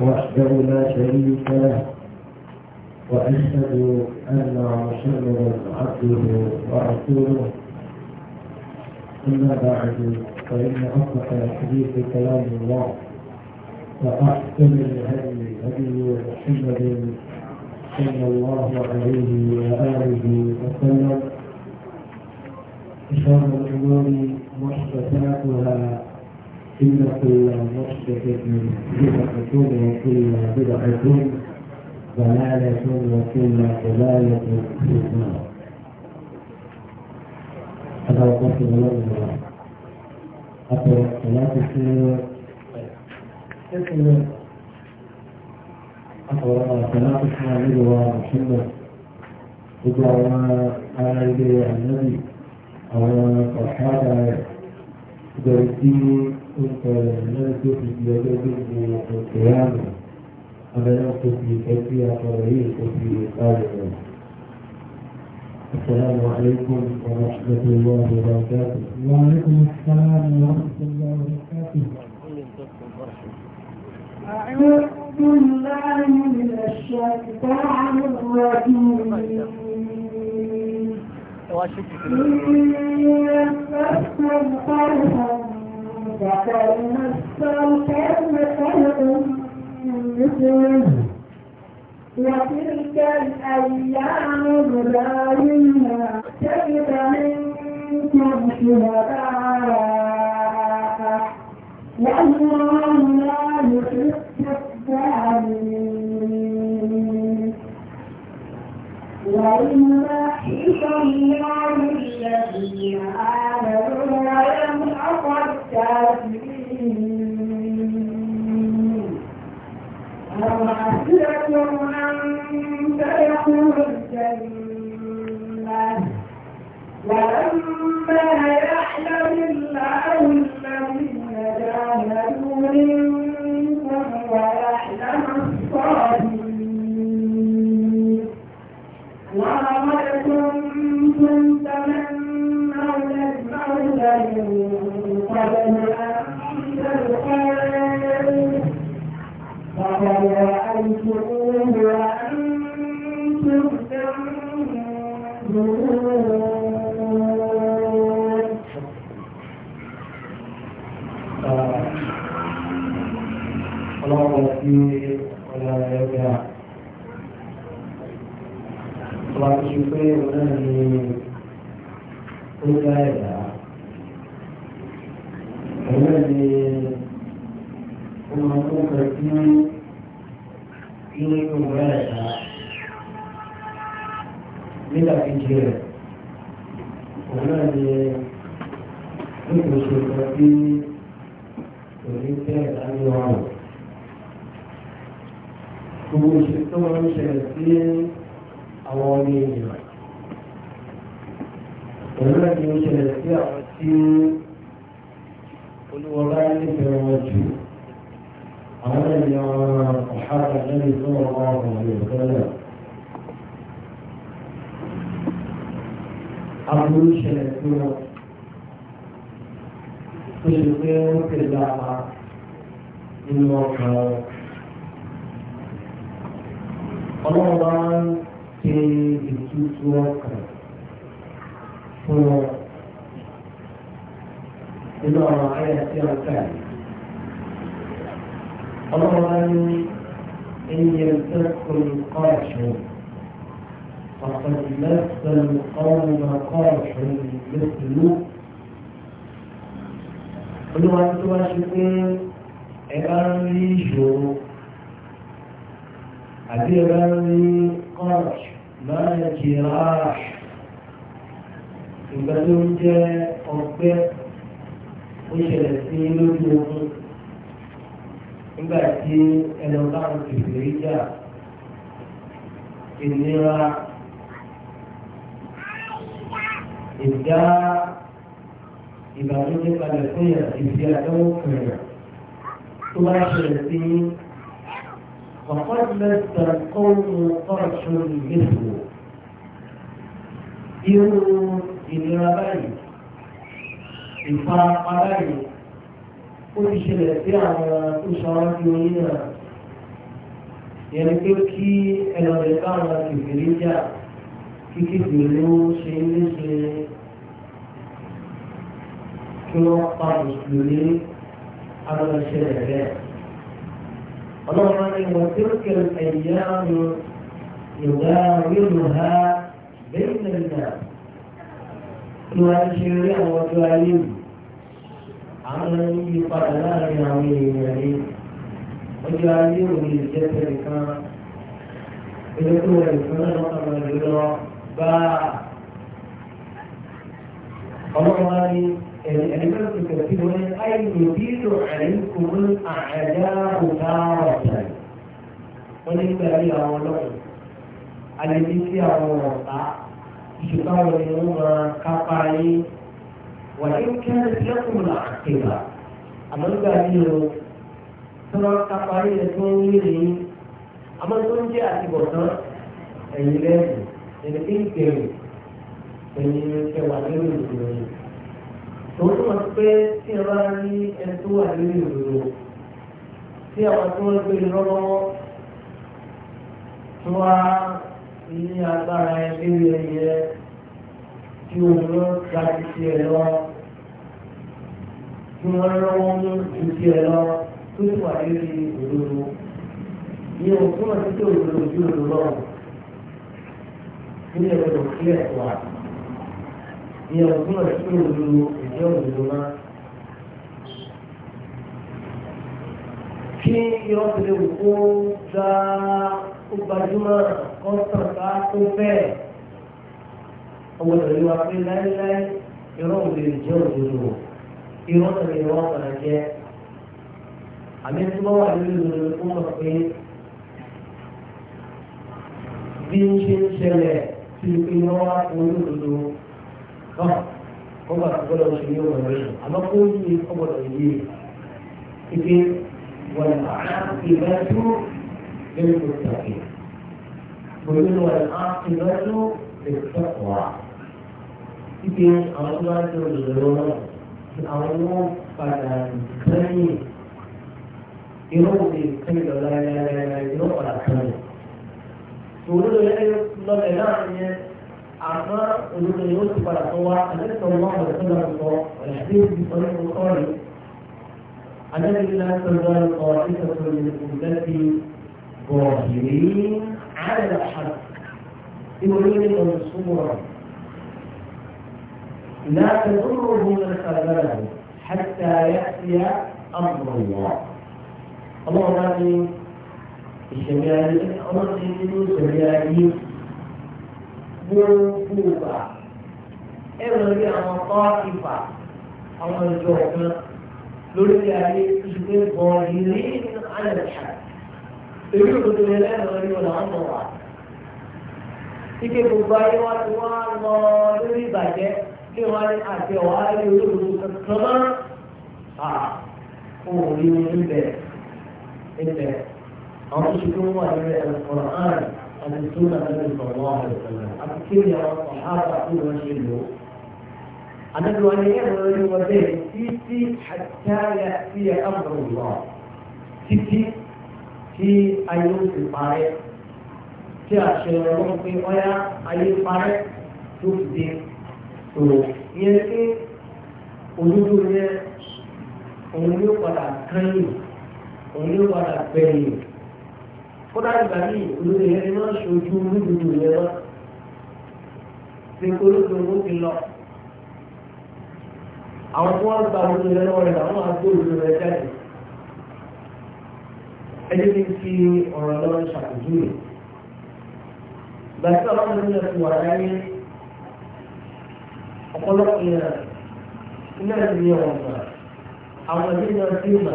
وحده لا شريك له وأشهد أن محمدا عبده ورسوله أما بعد فإن أصدق الحديث كلام الله وأحسن الهدي هدي محمد صلى الله عليه وآله وسلم شر الأمور محدثاتها إن كل محدثة بدعة وكل بدعة ضلالة وكل ضلالة في النار. هذا وقت الله الله. أقرأ الصلاة في أقرأ صلاة الحامد ومحمد وقرأ آل النبي أو الصحابة جاءتي كنت الناس في بلده القيامة السلام عليكم ورحمة الله وبركاته وعليكم السلام ورحمة الله وبركاته أعوذ بالله من الشيطان الرجيم wá ṣe kìkì lọ. وتلك الأيام نبايعها كيف منكم شهداء والله لا يحب الله الذي máa ń ṣẹlẹ̀ sí àwọn ọmọ ènìyàn òun náà ni ó ṣẹlẹ̀ sí àwọn tí olúwọlá nífẹ̀ẹ́ wọn jù àwọn ènìyàn ọ̀hárà lẹ́yìn tó wọ́n wọ́n wọ́n lè fẹ́lẹ̀. aburú ṣẹlẹ̀ sí wọn ó ṣe pé wọ́n tẹ̀lé àmà nínú ọkàn wọn ọlọ́run bá ń ṣe ìtútù ọkàn fún wọn nínú àwọn ayé tí wọn kà yìí. ọlọ́run bá ní ẹyẹ sẹ́kùn kọ́ ẹ̀ṣọ́ فقد مس القوم قرح مثله olúwa tó bá ṣe pé ẹ bá ń rí ìṣòro àbí ẹ̀rọ rí kọ́ọ̀ṣ máa jì ráàṣ ìgbà tó ń jẹ́ ọgbẹ́ ó ṣẹlẹ̀ sí lójú ogun nígbà tí ẹnu báwọn kìfìrí jà ìnira tó bá ṣẹlẹ̀ sí فقد مس القوم قرش مثله irú ìnira báyìí ìfarapa báyìí ó ti ṣẹlẹ̀ sí àwọn tó ṣáájú orí náà yẹn pé kí ẹlọ́dẹ báwọn kìfìrí jà kí kìfìrí ó ṣe léṣe kí wọ́n pa mùsùlùmí alọ́ṣẹlẹ̀ bẹ́ẹ̀ ọlọ́run ní wọ́n tí ó kéré ẹ̀yà ìgbà yóò ha bẹ́ẹ̀ nìyà tí wọ́n á ṣe rí àwọn ọjọ́ ayé wù àwọn yìí padà láàrin àwọn èèyàn tẹ̀lé kan ilé tó wà ìfúnná náà wọ́n lọ bá ọlọ́run ní. يعني الإمام ابن كثير هنا أي يزيد عليكم الأعداء تارة ونسبة إلى ولوم الذي في الواقع يقال اليوم كقاي وإن كانت لكم العاقبة أما البعير ترى كقاي لكم يري أما الزوجة أتبوتها أي لازم يعني إيه كيف يعني كيف tòun tó máa pé tí ẹ bá rí ẹni tó wà lórí òdòdó tí àwọn tó ń gbé lọ́wọ́ tó wá ní agbára ẹ lórí ẹyẹ tí òun lọ ga ju ti ẹ lọ tí wọ́n lọ́wọ́ mú ju ti ẹ lọ tó wà lórí òdòdó ní òun tó máa títí òdòdó ju òdòdó lọ́wọ́ ní ẹ̀rọ ìlú ẹ̀kọ́ àti ní ẹ̀rọ tó máa títí òdòdó yóò lòdò máa. kí irọ́ tó lè wù kó gbá ó gbajúmọ̀ kọ́ńtàn ká tó bẹ́ẹ̀ ọwọ́ ìròyìn wa pé láéláé irọ́ òde lè jẹ́ òdodo irọ́ tó lè wọ́n kàn jẹ́ àmì tí wọ́n wà nínú ìròyìn fún wọn pé bí ń ṣe ń ṣẹlẹ̀ tí ó pé wá fún olódodo wọ́n bá ti gbọ́dọ̀ ṣe ní ọ̀rọ̀ rẹ̀ àmọ́ kó yí ọgbọ́dọ̀ yìí e. ike wọ́n á ti bá tó lórí kò tàbí gbogbo wọ́n á ti bá tó lórí tẹ́kọ̀ọ́ àwọn tó bá tó lọ́wọ́ tí àwọn wọ́n padà sẹ́yìn irú mi sẹ́yìn lọ́la yára yára irú padà sẹ́yìn. Tòun ló yẹ lọ́lẹ̀ láàrin yẹn. àmọ́ olùkọ́ yóò على padà أن wá الله ọmọ ọ̀rẹ́ tó في sọ ẹ̀sìn ìsọ̀rọ̀ ìsọ̀rọ̀ الذي لا تزال طائفة من أمتي ظاهرين على الحق أن منصورا لا تضره من خذله حتى يأتي أمر الله اللهم آمين الشريعة أمر الدين gbogbo ìgbà ẹ lọ rí àwọn kọ́ ìfà àwọn ìjọ kan lórí ayé ìgbé bọ̀ ìrí àyẹ̀dá èyí òdodo yẹn lẹ́nu rí ọ̀nà ọ̀nà wa. Ike gbogbo ayé wa ti wá lọ lórí ìbàjẹ́ kí wọ́n ní àti ọ̀wá ayé olódodo kankan mọ́. À òun rí ojú bẹ̀ ẹ̀ bẹ̀ àwọn tó ṣe kí wọ́n wà lórí ومن سنة النبي صلى الله عليه وسلم أفكر يا الصحابة أقول وجهه أنه أن يظهر يومين تيتي حتى يأتي أمر الله تيتي في أيوم في الطريق tí a ṣe ọlọ́run pé ọyá ayé parẹ́ tó fi dé tòrò yẹn pé olódó yẹn òun ló padà kẹ́yìn òun ló padà gbẹ̀yìn kódà ìgbà ní olórí ẹni máa ń ṣojú rúdurù rẹ lọ ṣe koríko owó ti lọ àwọn tí wọ́n gba olórí rẹ lọ́wọ́ rẹ làwọn àgbo olórí rẹ jáde ẹni tí fi ọ̀rọ̀ lọ ṣàpèjúwe gbàtí ọlọ́run ní ẹ̀sùn wà láyé ọ̀pọ̀lọpọ̀ yẹn iná ìdílé ọ̀gbà àwọn ẹbí náà ti mà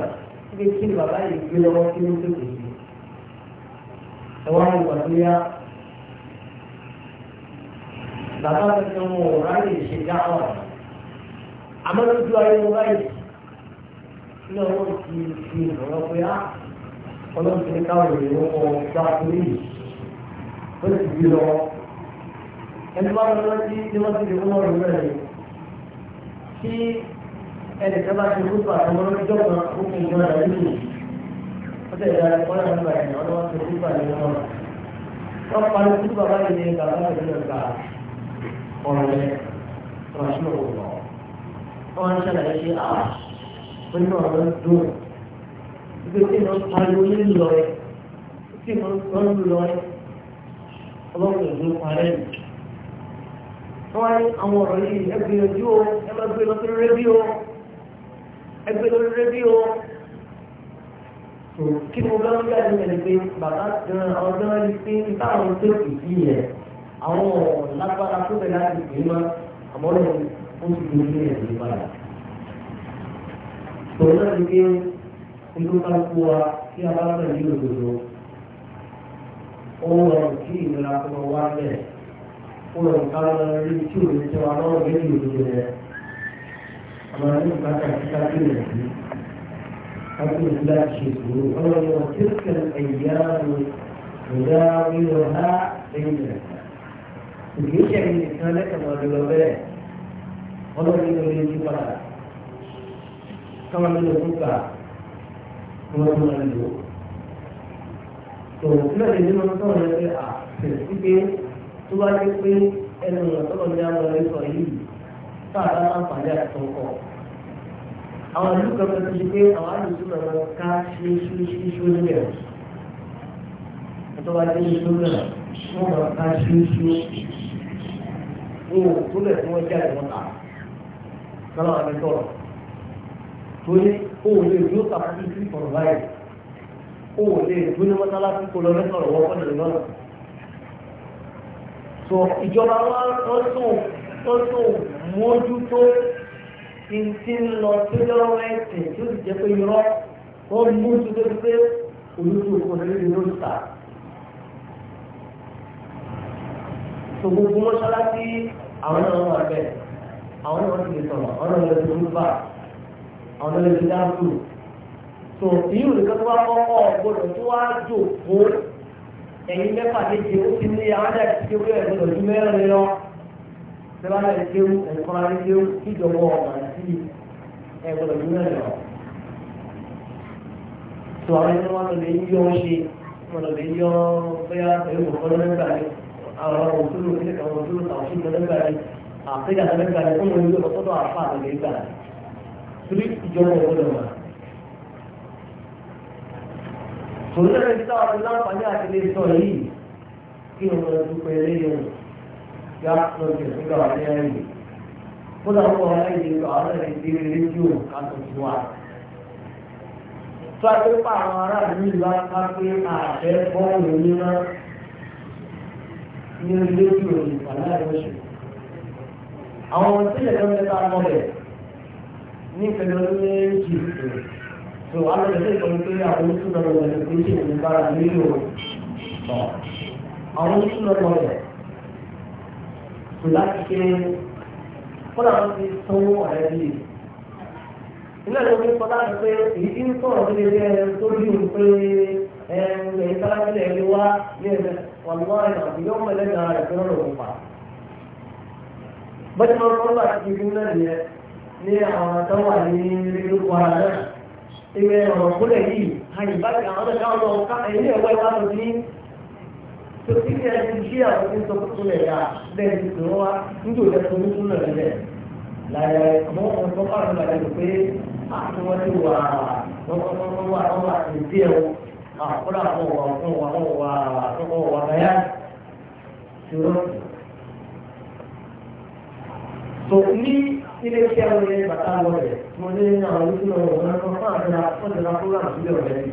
kí bàbá yìí gbé lọ́wọ́ kí ló tètè yìí ẹwà ìgbà tó yá bàbá tuntun mo ráyè ṣe dáhùn àmọ́ lójú ayé mo ráyè ní ọwọ́ ti fi ìrànlọ́ á ọlọ́run káwọn èèyàn kọ gbá torí ó sì bí lọ ẹni bá wọn lọ́jí tí wọ́n ti di fún ọ̀rọ̀ rẹ̀ ni kí ẹnìkan bá ti rúbà àwọn ọlọ́jọ́ kan ó kún un náà lẹ́yìn sílẹ̀ ìyá rẹ̀ kọ́lá nípa ẹ̀yìn ọ̀dọ́ wọn ti kú bá ní wọn. wọ́n parí kú bàbá yìí ní bàbá yìí ní ọ̀gá ọ̀rẹ́ rọ̀ṣùn òwò. wọ́n ń ṣàlàyé ṣe à nínú ọ̀rọ̀ dùn. ibi tí wọ́n pariwo ní lọ ẹ̀ tí wọ́n ń lọ ẹ̀ ọlọ́run ìlú parẹ́ nì. wọ́n wá ní àwọn ọ̀rọ̀ yìí ẹgbẹ́ kí ni mo bá ń gbà ní ẹni pé bàbá gan àwọn gan rí pé nípa àwọn tó kù sí yẹ àwọn lágbára tó bẹ láti pè é mọ àmọ́ lọ ó ti di ilé ẹ̀ ní padà. tòun náà ni pé olúkálukú wa tí a bá ń bẹ̀ ní òdodo ó rọrùn kí ìnira kọ́ wá bẹ́ẹ̀ ó rọrùn ká lọ rí tí òun ti wà lọ́wọ́ bẹ́ẹ̀ ní rẹ̀ àmọ́ ní ìbátan kíkà sí حتى لا تشركوا أولا وتلك الأيام نداولها بين الناس ليش يعني الإنسان لك ما بالوباء والله إنه من الجبراء كما من الجبراء كما من الجبراء tòun náà lè nínú tó ń rẹ bá dé pé ẹnu ọ̀nà tó ń dá lọ sọ yìí tá a bá máa ń pàdé àwọn ìlú kankan ti pé àwọn àlùsù náà máa ká ṣíṣíṣíṣú níbẹ̀ ẹ̀tọ́ bá dé ìlú náà wọ́n máa ká ṣíṣú wọn ò tó lẹ̀ tí wọ́n jáde wọn kà sọ́nà àti tọ̀rọ̀ torí o ò lè dúró kàkàtì sí ọ̀rọ̀ báyìí o ò lè dúró ní mọ́sálásí kó lọ lẹ́sọ̀rọ̀ wọ́n kọ́ nìyẹn lọ́nà sọ ìjọba wọn tó tó mójútó ti ń lọ tó lọ́wọ́ ẹ̀sìn tó sì jẹ́ pé irọ́ wọ́n mú tuntun pé olùdó kò ní lè ló ta. Sogbogbò mọ́ṣáláṣí àwọn náà wà bẹ́ẹ̀. Àwọn náà ti lè sọ̀rọ̀, àwọn náà lè ti rúbà, àwọn náà lè ti dáàbò. Sò èyí ò lè kọ́ tó wá kọ́kọ́ gbọ́dọ̀ tó wá jò fún ẹ̀yin mẹ́fà méje ó ti ní àwọn náà ti kéwé ẹ̀ gbọ́dọ̀ ju mẹ́rin lọ. Sẹ́wọ́n náà ti kéwé ẹ̀kọ́ náà ti kéwé kíjọba ọ̀gbọ̀n sí ẹ gbọ́dọ̀ ju tó àwọn ẹni wọn lè yọ ṣe wọn lè yọ ọ bóyá pẹ̀lú kòkòrò lẹ́gbà ni àwọn òṣèlú ilé kan òṣèlú àwọn òṣèlú lẹ́gbà ni àpéjà lẹ́gbà ni fún òṣèlú ọ̀tọ̀tọ̀ àfa àlẹ́gbà torí ìjọba ògbọ́dọ̀ wà. tòun náà ní táwọn ọdún láǹfààní àti ilé sọ yìí kí kódà ó wọ́n láyé ìlú ọ̀rọ̀ rẹ̀ ti rí rédíò kátó sí wa. tó pa àwọn aráàlú ìlú apá pé ààrẹ bọ́ọ̀lù nínú ní rédíò ìpàdé àìrọ́ṣù. àwọn ohun tí ìyẹ̀kọ́ mẹ́ta mọ́ bẹ̀ ní ìpẹ̀lú méjì tó a lọ sí ìpẹ̀lú pé àwọn oníṣúná lọ bẹ̀rẹ̀ ṣe ìlú bára nílò àwọn oníṣúná lọ kò láti kéré kọ́lá wọn ti sanwó ọ̀rẹ́ bí i. ilé ìlú mi kọ́lá mi pé èyí tí ń sọ̀rọ̀ mi lè rí ẹ tó bí òun pé ẹ ẹ sálábílẹ̀ ẹ lè wá ní ẹ̀fẹ̀ wàlúwà ẹ̀ náà ìyá ọmọ ẹlẹ́gà rẹ̀ fẹ́ rọ̀ wọ́n pa. bọ́dé wọn kọ́ lọ́wọ́ àti ìlú náà nìyẹn ní àwọn tó wà ní ìlú kwara ọ̀rọ̀ kúlẹ̀ yìí àyè bá tòtí ní ẹni tí àwọn ọmọ sọ fún ilẹ̀ yà bẹ́ẹ̀ ti sọ wá níjò jẹ́ tó ní túnú rẹ̀ lẹ̀ láyé àwọn ọmọ tó bá rẹ̀ lẹ̀ pé àti wọ́n ti wà wọ́n wà wọ́n wà ní díẹ̀ àkúrà àwọn wà wọ́n wà wọ́n wà wọ́n wà báyà ṣòro. tó ní ilé iṣẹ́ wọn yẹn bàtà lọ rẹ̀ mo ní àwọn olùkúlọ̀ wọn náà fún àdúrà fún àdúrà fúlàní sílẹ̀ ọ̀rẹ́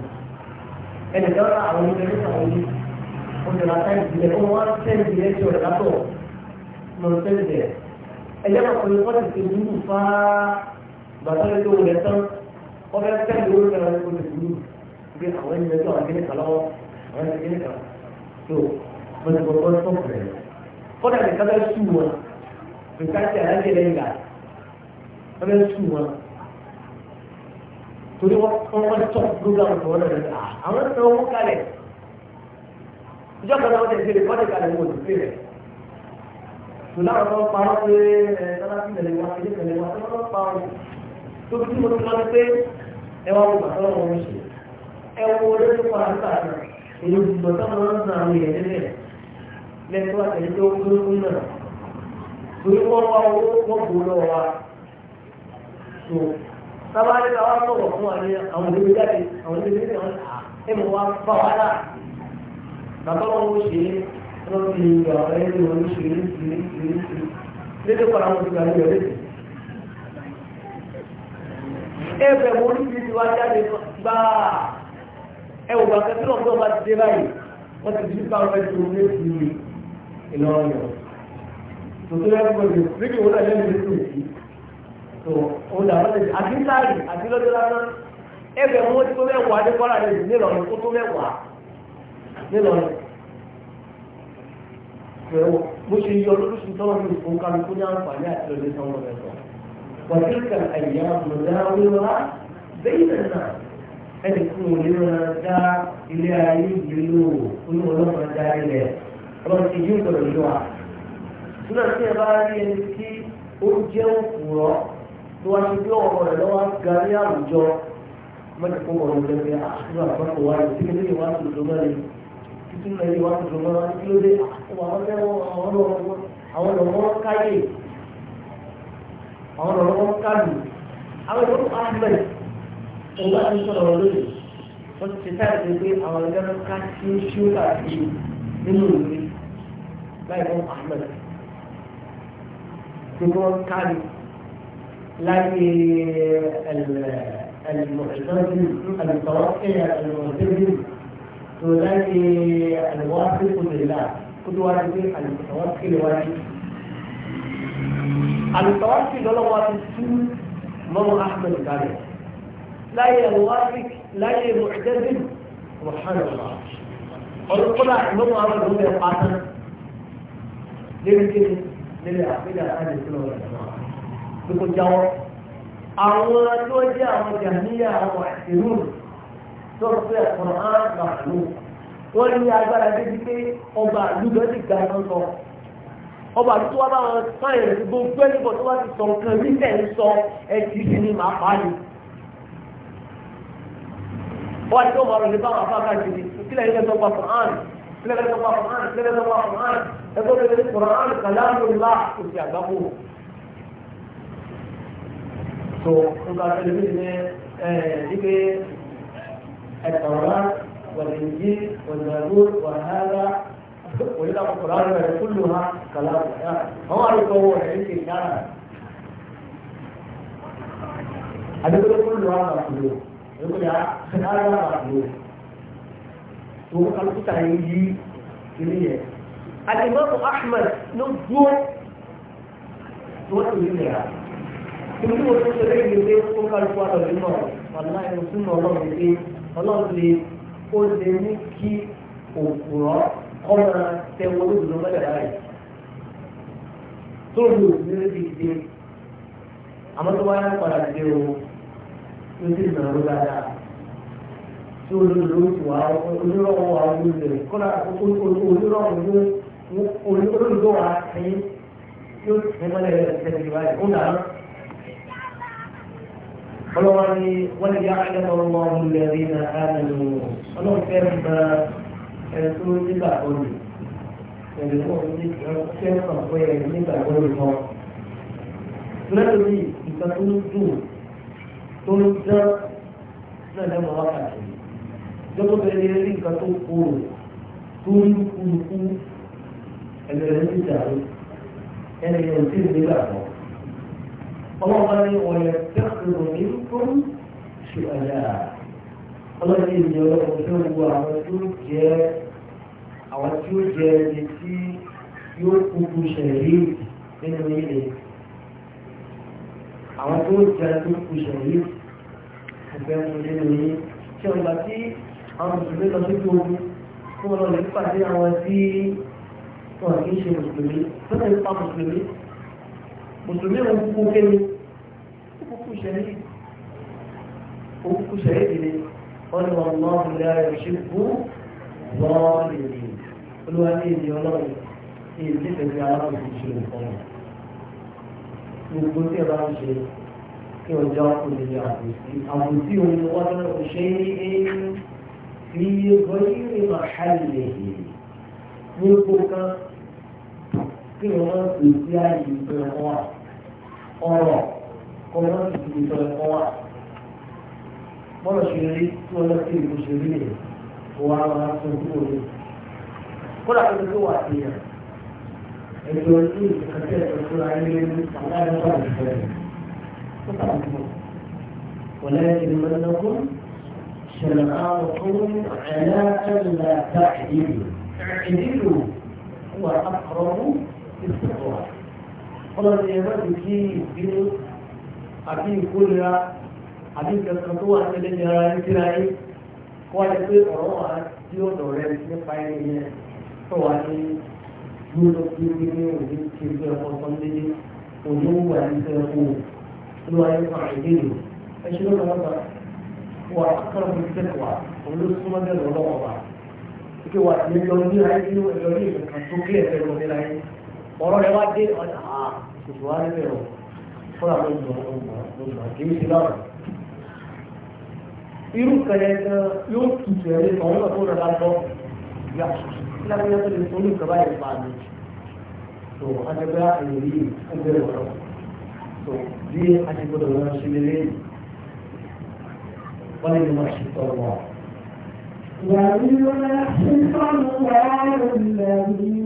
ẹnìkan òjòlá táìsì rẹ̀ wọ́n wá tẹ́lẹ̀ rẹ̀ tí ọ̀rẹ́ látọ̀ lọ́rọ̀ tẹ́lẹ̀ rẹ̀ ẹ̀yẹ́ máa pẹ̀lú wọ́n ti ṣe dúró fa bàtàlẹ́ tó rẹ̀ tán wọ́n fẹ́ tẹ́lẹ̀ owó rẹ̀ lọ́rọ̀ tó lè dúró bí àwọn ènìyàn tó àwọn kékeré lọ́wọ́ àwọn kékeré kan tó bọ́dẹ̀ bọ́dẹ̀ tó rẹ̀ kọ́dà ní kábẹ́ sù wọn nǹkan tí àyà jẹ́ lẹ́yìn gà kábẹ́ sù wọn torí wọ́n wọ́n tọ́ gbogbo àwọn tó wọ́n lọ́dẹ̀ àwọn tó wọ́n kalẹ̀ ìjọ náà wọ́n ti ṣe lè kọ́ kalẹ̀ wọn ò sí rẹ̀. tòlá ọ̀rọ̀ parọ́ pé ẹ tọ́lá sí wa ilé ìrẹ̀lẹ̀ wa tọ́lá parọ́ tó fi tí mo pé ẹ wá wọn bàtọ́ wọn ṣe ẹ wọ orí tó pa àtúntà rẹ̀ èyí òṣùgbọ́n táwọn náà ń san àwọn èèyàn nílẹ̀ lẹ́tọ́ àtẹ̀yìn tó ń lórí fún wá owó wọ́n kò lọ́wọ́ wa tó sábà ní káwá sọ̀rọ̀ fún àwọn ìgbéjáde bá wa náà bàbá wọn ṣe wọn fi ìgbà ẹni wọn ṣe é ṣe é ṣe é ṣe lédè padà wọn ti gbà yọ lédè. ẹ bẹ̀ wọ́n ní wá jáde gbáà ẹ wò bàtẹ́ tí wọ́n bá ti dé báyìí wọ́n ti di bá wọn ti wọlé sí i Ìlọrin yọ. tòtò yẹn kò lè rídì wọn lẹ́nu lè tó yìí tó o là wọn lè àti sáàrì àti lọ́dọ̀ lánàá ẹ bẹ̀ wọ́n ti tó mẹ́wàá nílọrin pẹ̀lú bó ṣe yọ lóṣù tọ́wọ́ ní ìfowópamọ́ tó ní àǹfààní àti lórí sanwó rẹ̀ sọ. wàtíkà àyà mọ̀dáwéwá bẹ́ẹ̀ náà náà ẹni tí mo lè rán dá ilé ayé ìlú olú ọlọ́pàá dá ilẹ̀ ọlọ́run ti yíò gbọ́dọ̀ yíwa. Nígbà tí ẹ bá rí ẹni tí ó jẹ́ òkúrọ̀ tó wá sí bí ọ̀rọ̀ rẹ̀ lọ́wọ́ garí àwùjọ mọ́tò fún ọ̀rọ̀ ah, rẹ̀ pé àpapọ̀ wáyé tí kékeré wá sí òdòdó mẹ́rin títí náà yìí wá dùn mọ́ kí ló dé àwọn lọ́wọ́ àwọn àwọn lọ́wọ́ kálù àwọn ìlú ahmed ọgbà ń sọ̀rọ̀ lónìí wọ́n ti sáré ti pé àwọn ẹgbẹ́ ká tí ó ṣí ó káàkiri nínú ìwé láì fún ahmed tí wọ́n kálù láyé ẹ̀lẹ́mọ̀ẹ́dọ́dún àlùkò ẹ̀yà ẹ̀lẹ́mọ̀ẹ́dọ́dún. تلاقي الواثق لله كل واحد المتوكل واحد المتوكل ولا واحد سوء مر احمد عليه لا الواثق لا معتدل سبحان الله قل امام احمد هو يقاتل لكن للعقيده اهل السنه والجماعه بكل جواب àwọn tó jẹ́ àwọn jàmíyà àwọn àìsèrúrù sọ̀rọ̀ pé ẹ̀kọ́ náà màlúù wọ́n ní agbára débi pé ọba àlùbọ̀ ti ga iná lọ ọba àlùbọ̀ tó wá bá wọn sáyẹn rẹ̀ gbogbo ẹnìbọ̀ tó wá ti sọ nǹkan rí tẹ̀ ń sọ ẹtì sí ni màá pa ni. wọ́n ti tó wọn lọ lè bá wọn afáàkà jìnnì kílẹ̀ ilé ẹ̀sọ́ pa fún án kílẹ̀ ẹ̀sọ́ pa fún án kílẹ̀ ẹ̀sọ́ pa fún án ẹ̀sọ́ lè lè sọ̀rọ̀ án kàlámùlá kò التوراة والإنجيل والزبور وهذا وإلى القرآن كلها كلام هو يقول عليك الشرع هذا كله كلها مخلوق يقول هذا مخلوق وقال تعيي كليه الإمام أحمد نبوه توتر لله كل يوم تقول لي ليه تقول قال والله يوصلنا والله ليه ọlọ́run lè ó lè ní kí òpùrọ̀ kọ́mọ tẹ wọlé ìdùnnú mẹ́ta báyìí tó lù ní lébi ìdè àmọ́ tó wáyé padà dé o ló ti nà ló dáadáa tí olóòlù wà onírọ̀wọ̀ wà olóòlù kọ́lá onírọ̀wọ̀ olóòlù wà ẹ̀yìn yóò tẹ̀ mọ́lẹ̀ ẹ̀ tẹ̀lé báyìí ó dáná. فلواني وليعلم الله الذين آمنوا ولو كان ẹ̀sùn nígbà olè ẹ̀rẹ̀ náà ní ẹ̀kẹ́kọ̀ọ́ pé ẹ̀rẹ̀ nígbà olè kan. lẹ́yìn ìgbà tó ń dùn tó ń dá náà lẹ́nu wákàtí jọ́pọ̀ bẹ̀rẹ̀ rí nǹkan tó kúrò tó ń kúrukú ẹ̀rẹ̀ nígbà ẹ̀rẹ̀ yẹn ò tí ì nígbà kan. ọlọ́wọ́ ní ọ̀yẹ̀ tẹ́kùrù ní fún ṣùgbọ́n ọlọ́wọ́ ní ìyẹn ọlọ́wọ́ tó wu àwọn tí ó jẹ́ àwọn tí ó jẹ́ ẹni tí yóò kúkú ṣẹ̀rí nínú ilé àwọn tó jẹ́ tó kú ṣẹ̀rí ẹgbẹ́ mu nínú ilé ṣé ọgbà tí àwọn mùsùlùmí lọ sójú ogun mùsùlùmí òun kú kéwì kúkú sẹ́yìn kúkú sẹ́yìn dìde ọ̀nà ọlọ́run lẹ́yìn ìṣẹ́kù lọ́ọ̀lì olúwa ní èdè ọlọ́run ní èdè ìfẹ̀sẹ̀ aláwọ̀ ìṣẹ̀lẹ̀ kan gbogbo tí ẹ bá ń ṣe kí ọjọ́ òṣèlú àbòsí àbòsí òun wọ́n lọ́wọ́ ṣe é fi gbọ́dọ̀ màhálẹ̀ ní gbogbo kan kí wọ́n sì sí àyè ìgbẹ́ wọn. ọ̀rọ̀ kọ́ wọ́n ti fi ìtọ́ ẹ̀kọ́ wà bọ́lọ̀ ṣe rí tí wọ́n lọ sí ìlú ṣe rí rẹ̀ wọ́n á máa tó kúrò ní. kódà tó tó wà sí yàn ẹ̀jọ̀ ní ìkàtẹ́ ẹ̀kọ́ tó ra ilé ní àdáyé wà ní ìfẹ́ rẹ̀ tó kà á mọ̀. ولكن من لكم شنآن قوم على ألا تعدلوا اعدلوا هو أقرب استقرار ọlọ́run yẹn máa ti kí ìbínú àbí ìkórira àbí ìkẹsàn tó wà nílé ní ara yín síra yín kó wáyé pé ọ̀rọ̀ wà tí ọ̀dọ̀ rẹ nípa ẹni yẹn tó wà ní gbóná gbóná ní òní tí ó fẹ́ ọkọ̀ sọ́ndéé òní ó wà ní fẹ́ kó ló wáyé fún àìdéèrè ẹ ṣe lọ́nà wọn bá wà kọ́nà fún ìtẹ́kọ̀ọ́ òun ló súnmọ́ bẹ́ẹ̀ lọ́wọ́ wa. Ike wà ní ẹjọ́ ní ayé ní ẹjọ́ ní ìkàtúkẹ́ ẹ̀fẹ́ lọ́dẹ́ láyé. ọ̀rọ̀ rẹ̀ wá dé ọ̀dà ìṣòwò arẹ́rẹ́ ọ̀ fúnra mi lọ lọ kí n ti lọ́rọ̀. irú kẹlẹ gan yóò tutù ẹ̀rí kan wọn kò rọra lọ yá lábẹ́yà tó lè tó ní ìjọba yẹn pa mi. tó adébẹ́ àyè yìí ẹgbẹ́ ọ̀rọ̀ tó bí adigbodò wọn ṣe lé lé wọ́n lè máa ṣe tọ́ wọn. وَإِذَا حِفَظُوا عَلَى الَّذِينَ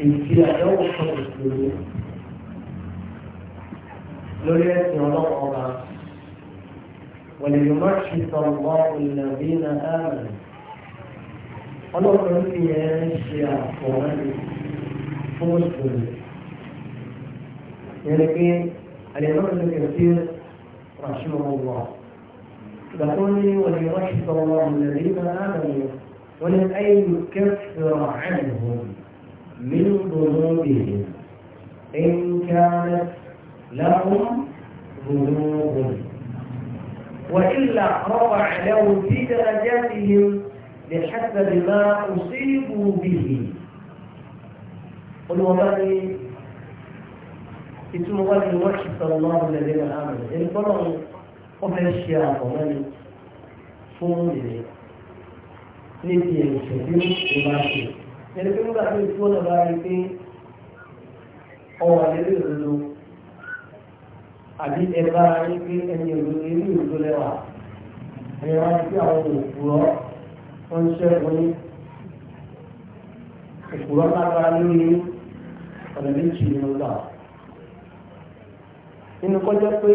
إلى يوم حفظ الدنيا لليأتي الله أبعث وليمشط الله الذين آمنوا الله قلت يا شيعة ومالي فوز بني لكن الإمام ابن كثير رحمه الله يقول لي وليمشط الله الذين آمنوا ولن أي يكفر عنهم من ذنوبهم إن كانت لهم ذنوب وإلا رفع لهم في درجاتهم بحسب ما أصيبوا به قل وبني اسم ولي الوحش صلى الله عليه وسلم الفرق قبل الشياطة ومن فوق نبي الشديد وماشي ẹni pé nígbà tó ń tó náà bá rí pé ọwọ́ àlejò òdodo àbí ẹ bá rí pé ẹni òdodo ẹni òdodo lẹ́wà ẹni wá sí àwọn òpùrọ́ wọ́n ń ṣẹ́gun ní òpùrọ́ lágbára lórí ọ̀nà méjì ní ọgbà nínú kọjá pé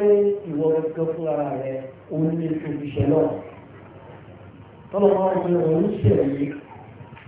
ìwọ gẹ́gẹ́ fún ara rẹ òun ní ètò ìṣẹ̀lẹ̀ tọ́lọ́mọ́ ọ̀gbìn òun ṣẹ̀lẹ̀ yìí.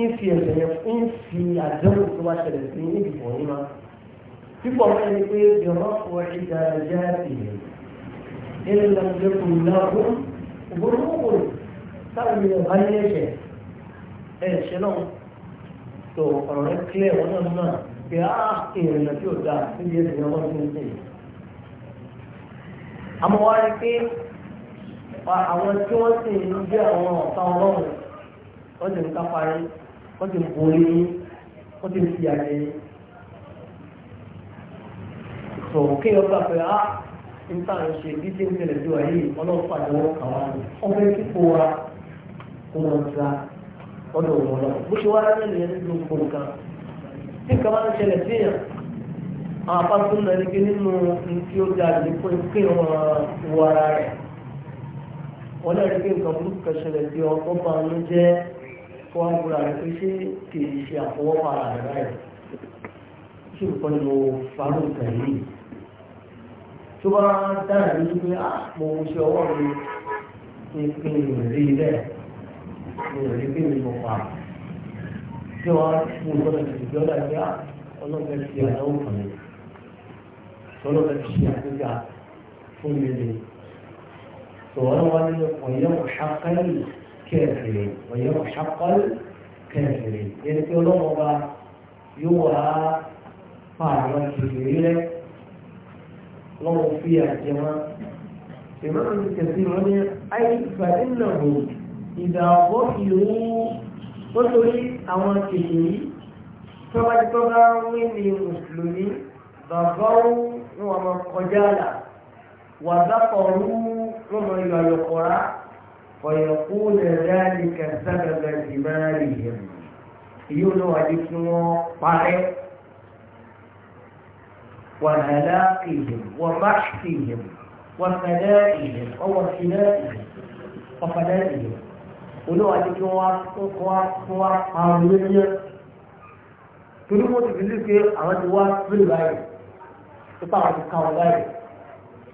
ń fi ẹ̀sẹ̀ yẹn ń fi àdéhùn tó bá ṣẹlẹ̀ sí níbi ìwọ̀nyí ma pípọ̀ mọ́ ẹni pé ìrọ̀ ọ̀ ìdá ẹja ìlẹ̀ ẹni lọ́dẹ kò lábọ́ ògbólógbò táwọn ènìyàn bá ní ẹ̀ṣẹ̀ ẹ̀ṣẹ̀ náà tó ọ̀rọ̀ rẹ̀ kílẹ̀ wọn náà náà pé á ah, ìrìnà tí ò dáa níbi ẹ̀sẹ̀ yẹn wọ́n ti ń sè àmọ́ wá rí pé àwọn tí wọ́n sì ń jẹ́ àwọn ọ̀tá ọlọ́run wọ́n sì ń kápá yín wọ́n ti kò ní wọ́n ti fi àyè sọ̀rọ̀ kí ọgbà pé á ń tà ń ṣe bí tí ń tẹ̀lé tó ayé ọlọ́pàá ni wọ́n kà wá ní ọgbẹ́ tí kò wá kó wọn ta ọdọ̀ wọn lọ bó ṣe wá rárá nìyẹn nínú gbogbo nǹkan tí nǹkan máa ń ṣẹlẹ̀ sí yàn àwọn apáṣọ náà ní kí nínú tí ó da àdé fún kí wọn wọ ara rẹ̀ wọ́n náà pé nǹkan burúkú kan ṣẹlẹ̀ sí ọ kó wá gbúra rẹ̀ pé ṣé kìí ṣe àfọwọ́pá ara rẹ̀ báyìí ṣé nǹkan ni mo farú tó bá dára ní wípé ah, mo ṣe ọwọ́ mi ní pé mi ò rí bẹ́ẹ̀ mi ò rí pé mi kò pa ṣé wàá fún nǹkan náà tètè gbọ́dọ̀ pé ah, ọlọ́fẹ́ fi àdáwò kan mi ọlọ́fẹ́ fi ṣe àgbéga fún mi lè sọ̀rọ̀ wá nínú ọ̀yẹ́ ọ̀ṣà kẹfìrì ọ̀yẹ́ ọ̀ṣàpọ̀lù kẹfìrì yẹni pé ọlọ́run ọba yóò wá pa àwọn kẹfìrì rẹ ọlọ́run fi àjẹmọ́ ìmọ̀ràn ní kẹfìrì wọn ni àìsàn ìnáwó ìdààbọ̀ ìlú wọ́n torí àwọn kẹfìrì tọ́wájú tó bá ń ní mùsùlùmí bàbá òun wọn kọjá là wàdàpọ̀ òun wọn yọ àyọ̀kọ̀rá. فيقول ذلك سبب دمارهم يونو أجسنو طارئ وهلاقهم ومحكهم وفنائهم ووفنائهم وفنائهم ولو أجسنو وقوة قانونية تلوموا تجلسوا أمد واسبل غير تطلع تتكاو غير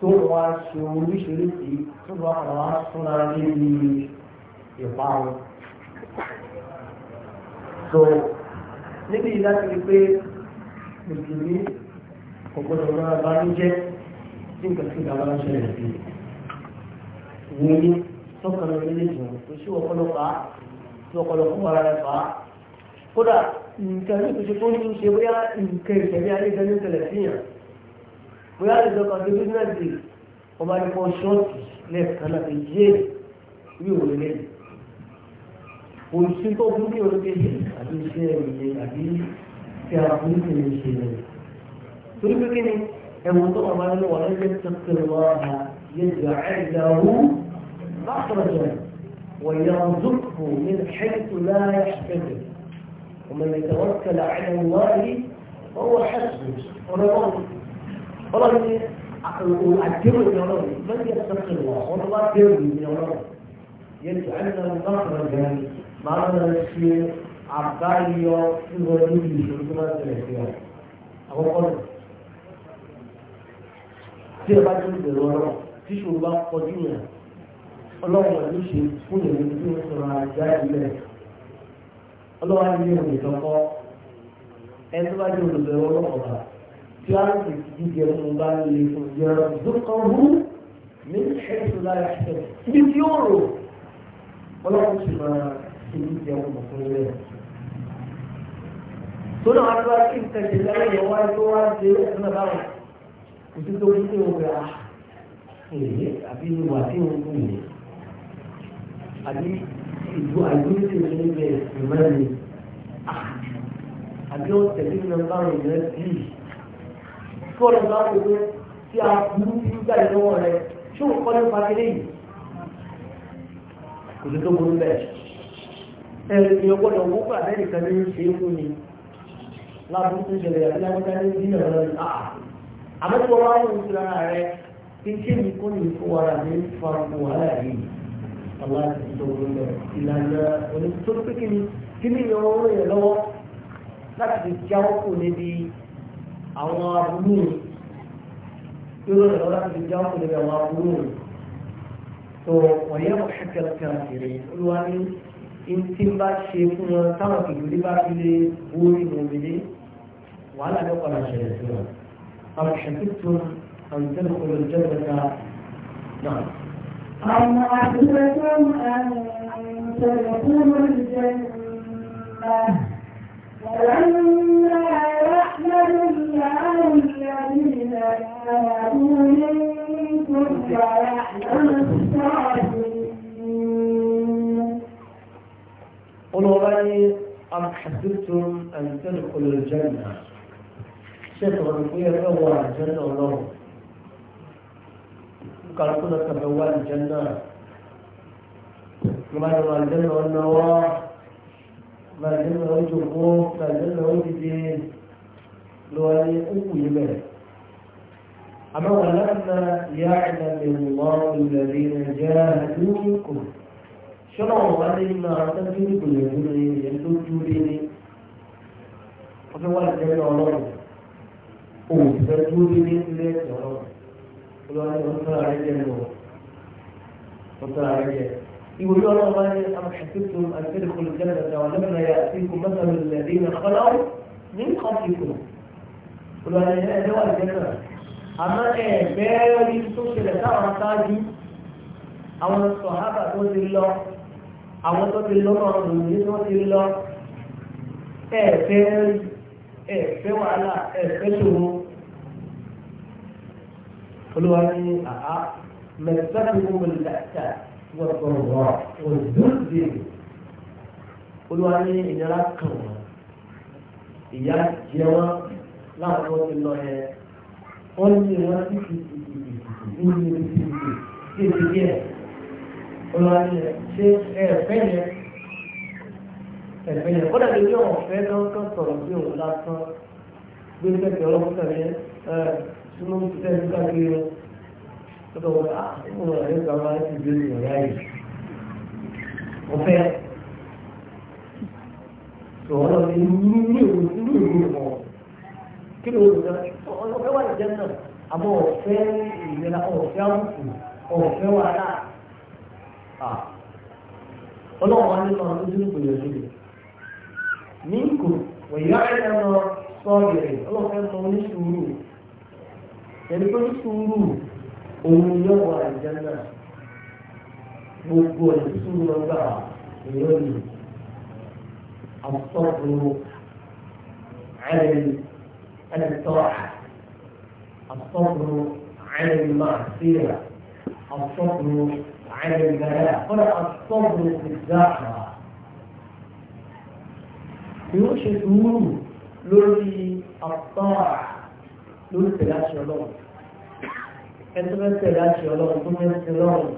tó wá ṣe oríṣiríṣi tó bá wá súnra níbi ìparun. so níbi láti rí pé mùsùlùmí kò gbọdọ̀ bá ń jẹ́ tí nǹkan tí ìdàgbà ń ṣẹlẹ̀ sí i. wòye tọkànnà méjèèjì wọn kò sí ọ̀pọ̀lọpàá tí ọ̀pọ̀lọpọ̀ wà lára ẹ̀fà kódà nǹkan ní kò ṣe tó ń ṣe bóyá nǹkan ìṣẹ̀lẹ̀ ayé gan ní ìṣẹ̀lẹ̀ bóyá ìjọ kan ní bísíǹnẹ̀sì ọba ní kọ́ ṣọ́ọ̀tì lẹ́ẹ̀kan náà yé mi ò lè òṣìṣẹ́ tó fún mi ò lè ṣe àti iṣẹ́ ìṣe àti tí a fún mi ò ṣe lè. torí pé kí ni ẹ̀wọ̀n tó wà máa ń lọ wà lọ́jọ́ tó kéré wá ha yé ìgbà ẹ̀dá wú lákàtúntà ويرزقه من حيث لا يحتسب ومن يتوكل على الله فهو حسبه ونظره ọlọ́run ní àdéhùn ní ọlọ́run lọ́jọ́ ìṣẹ́kẹ̀ wọ̀ ọ́n tó bá déhùn ní ọlọ́run yẹn tó ẹni náà ló bá sọ̀rọ̀ gan máa ń lọ ṣe àbáyọ ìwọ níbi ìṣòro tó máa ń tẹ̀lé sí ọ àkọ́kọ́ nù. tí ẹ bá tún bẹ̀rù ọlọ́run tí ìṣòro bá kọjú yẹn ọlọ́run ẹ̀ ló ṣe fún ìyẹn ní tí ó sọ̀rọ̀ àjá ìlẹ̀ ọlọ́run á ní ìròyìn lọ́kọ́ ẹni tó bá dé olùbẹ̀rù ọlọ́run kíláàsì jíjẹ fún bá lè fún yọrọ dúkọrú ní ẹ̀sùn láyé àṣẹ ibi tí ó rò ọlọ́run ti máa ṣe jíjẹ fún ọ̀fun rẹ̀. tó náà wá sí nǹkan ṣe lẹ́yìn ìyẹn wáyé tó wá ṣe ẹ̀sùn náà báwọn kò sí tó ń ṣe òun rà ah, èyí àbí wà sí òun kù yìí àbí ìlú àìgbésí ní ilẹ̀ ìmọ̀lẹ́ ah, àbí ọ̀tẹ̀ nínú báwọn ìrẹsì yìí kí wọ́n lọ sọ àwọn ìwé tí a mú irú jáde lọ́wọ́ rẹ̀ ṣé o kọ́ nípa ilé yìí kò sí tó burú bẹ́ẹ̀ ẹ̀rì ọgbọ́dọ̀ owó pé àbẹ́ nìkan ní ṣe é fún mi lábúrú tó ṣẹlẹ̀ àti lábúrú ní bí ọ̀rọ̀ rẹ̀ àà ah! àmọ́ wọ́n wá ń wù sí rẹ̀ kí ṣé mi kó ní fún ara mi ń fa wàhálà yìí ọ̀la tó burú bẹ́ẹ̀ ìlànà àwọn aburú irú rẹ̀ lọ́la ti já òkú níbi àwọn aburú tó wọ́n yẹ kọ́ ṣẹ́kẹ́ káàkiri olúwa ní tí ń bá ṣe fún wọn táwọn kìlúrí bá fi lé orí mòmìnir وعلى أن يقرأ شهادتنا أم حسبتم أن تدخلوا الجنة نعم أم حسبتم أن تدخلوا الجنة ولما قل والله أم حسبتم أن تدخلوا الجنة شيخ الرقية الجنة ونور قال كنا تبوان الجنة وما يرى الجنة والنوار ما الجنة والجمهور ما الجنة والجديد لولي أمي به أما ولما يعلم الله الذين جاهدوا منكم شرعوا علينا تجربة الجنة يتجربني وفي ولا جنة الله وتجربني إليك يا رب ولولي أمي عليك يا رب يقول له والله أما حسبتم أن تدخلوا الجنة ولما يأتيكم مثل الذين خلوا من قبلكم olùwàlẹ̀ ẹ̀ẹ́dẹ́ wà lẹ́yìn náà àmọ́ ẹ̀ẹ́dẹ́ rí tó ṣẹlẹ̀ táwọn aṣáájú àwọn sọ̀hábà tó ti lọ àwọn tó ti lọ náà lòdì tó ti lọ ẹ̀ẹ́dẹ́ rí ẹ̀ẹ́dẹ́ wàhálà ẹ̀ẹ́dẹ́ ṣòro olùwàlẹ̀ àá mẹ̀tẹ́tẹ́ gbogbo ìdàkà wọ́n tọrọ wọ́n ò dùn dì olùwàlẹ̀ ìnira kàn wọ́n ìyá jẹ wọ́n láwọn ọmọ ti lọ yẹn wọ́n ní wọ́n ti fi ìlú ní ibi tí ìlú kéde díẹ̀ olùwàlú yẹn ṣé ẹ̀ẹ́fẹ́ yẹn ẹ̀fẹ́ yẹn kọ́dà tó ní ọ̀fẹ́ kankan sọ̀rọ̀ sí òun lásán gbé kẹ́kẹ́ ọlọ́pàá yẹn súnmọ́ títẹ̀ nígbà kí ó lọ́dọ̀ wọn á ìmọ̀ ẹ̀rẹ́ gba máa ń tìjú ní ọ̀rẹ́ ayé ọ̀fẹ́ sọ̀rọ̀ ní irú irú ìwòsílú ìwòsàn kí ló ń lọ ọ̀fẹ́ wà lẹ́jẹ̀ náà àmọ́ ọ̀fẹ́ ìlera ọ̀fẹ́ àbùkù ọ̀fẹ́ wàhálà ọlọ́run wa nínú ọdún tó ń gbèrè lóde ní kò wẹ̀yà ẹ̀rọ sọ́ọ̀dẹ̀rẹ̀ ọlọ́fẹ́ sọ ní sùúrù ní sùúrù òun wà náà gbogbo ẹ̀ sùúrù ni الاستراحة الصبر على المعصية الصبر على البلاء هنا الصبر في الزحمة يوشكون لوري الطاعة لوري تلاش يلون أنت من تلاش يلون ثم يسلون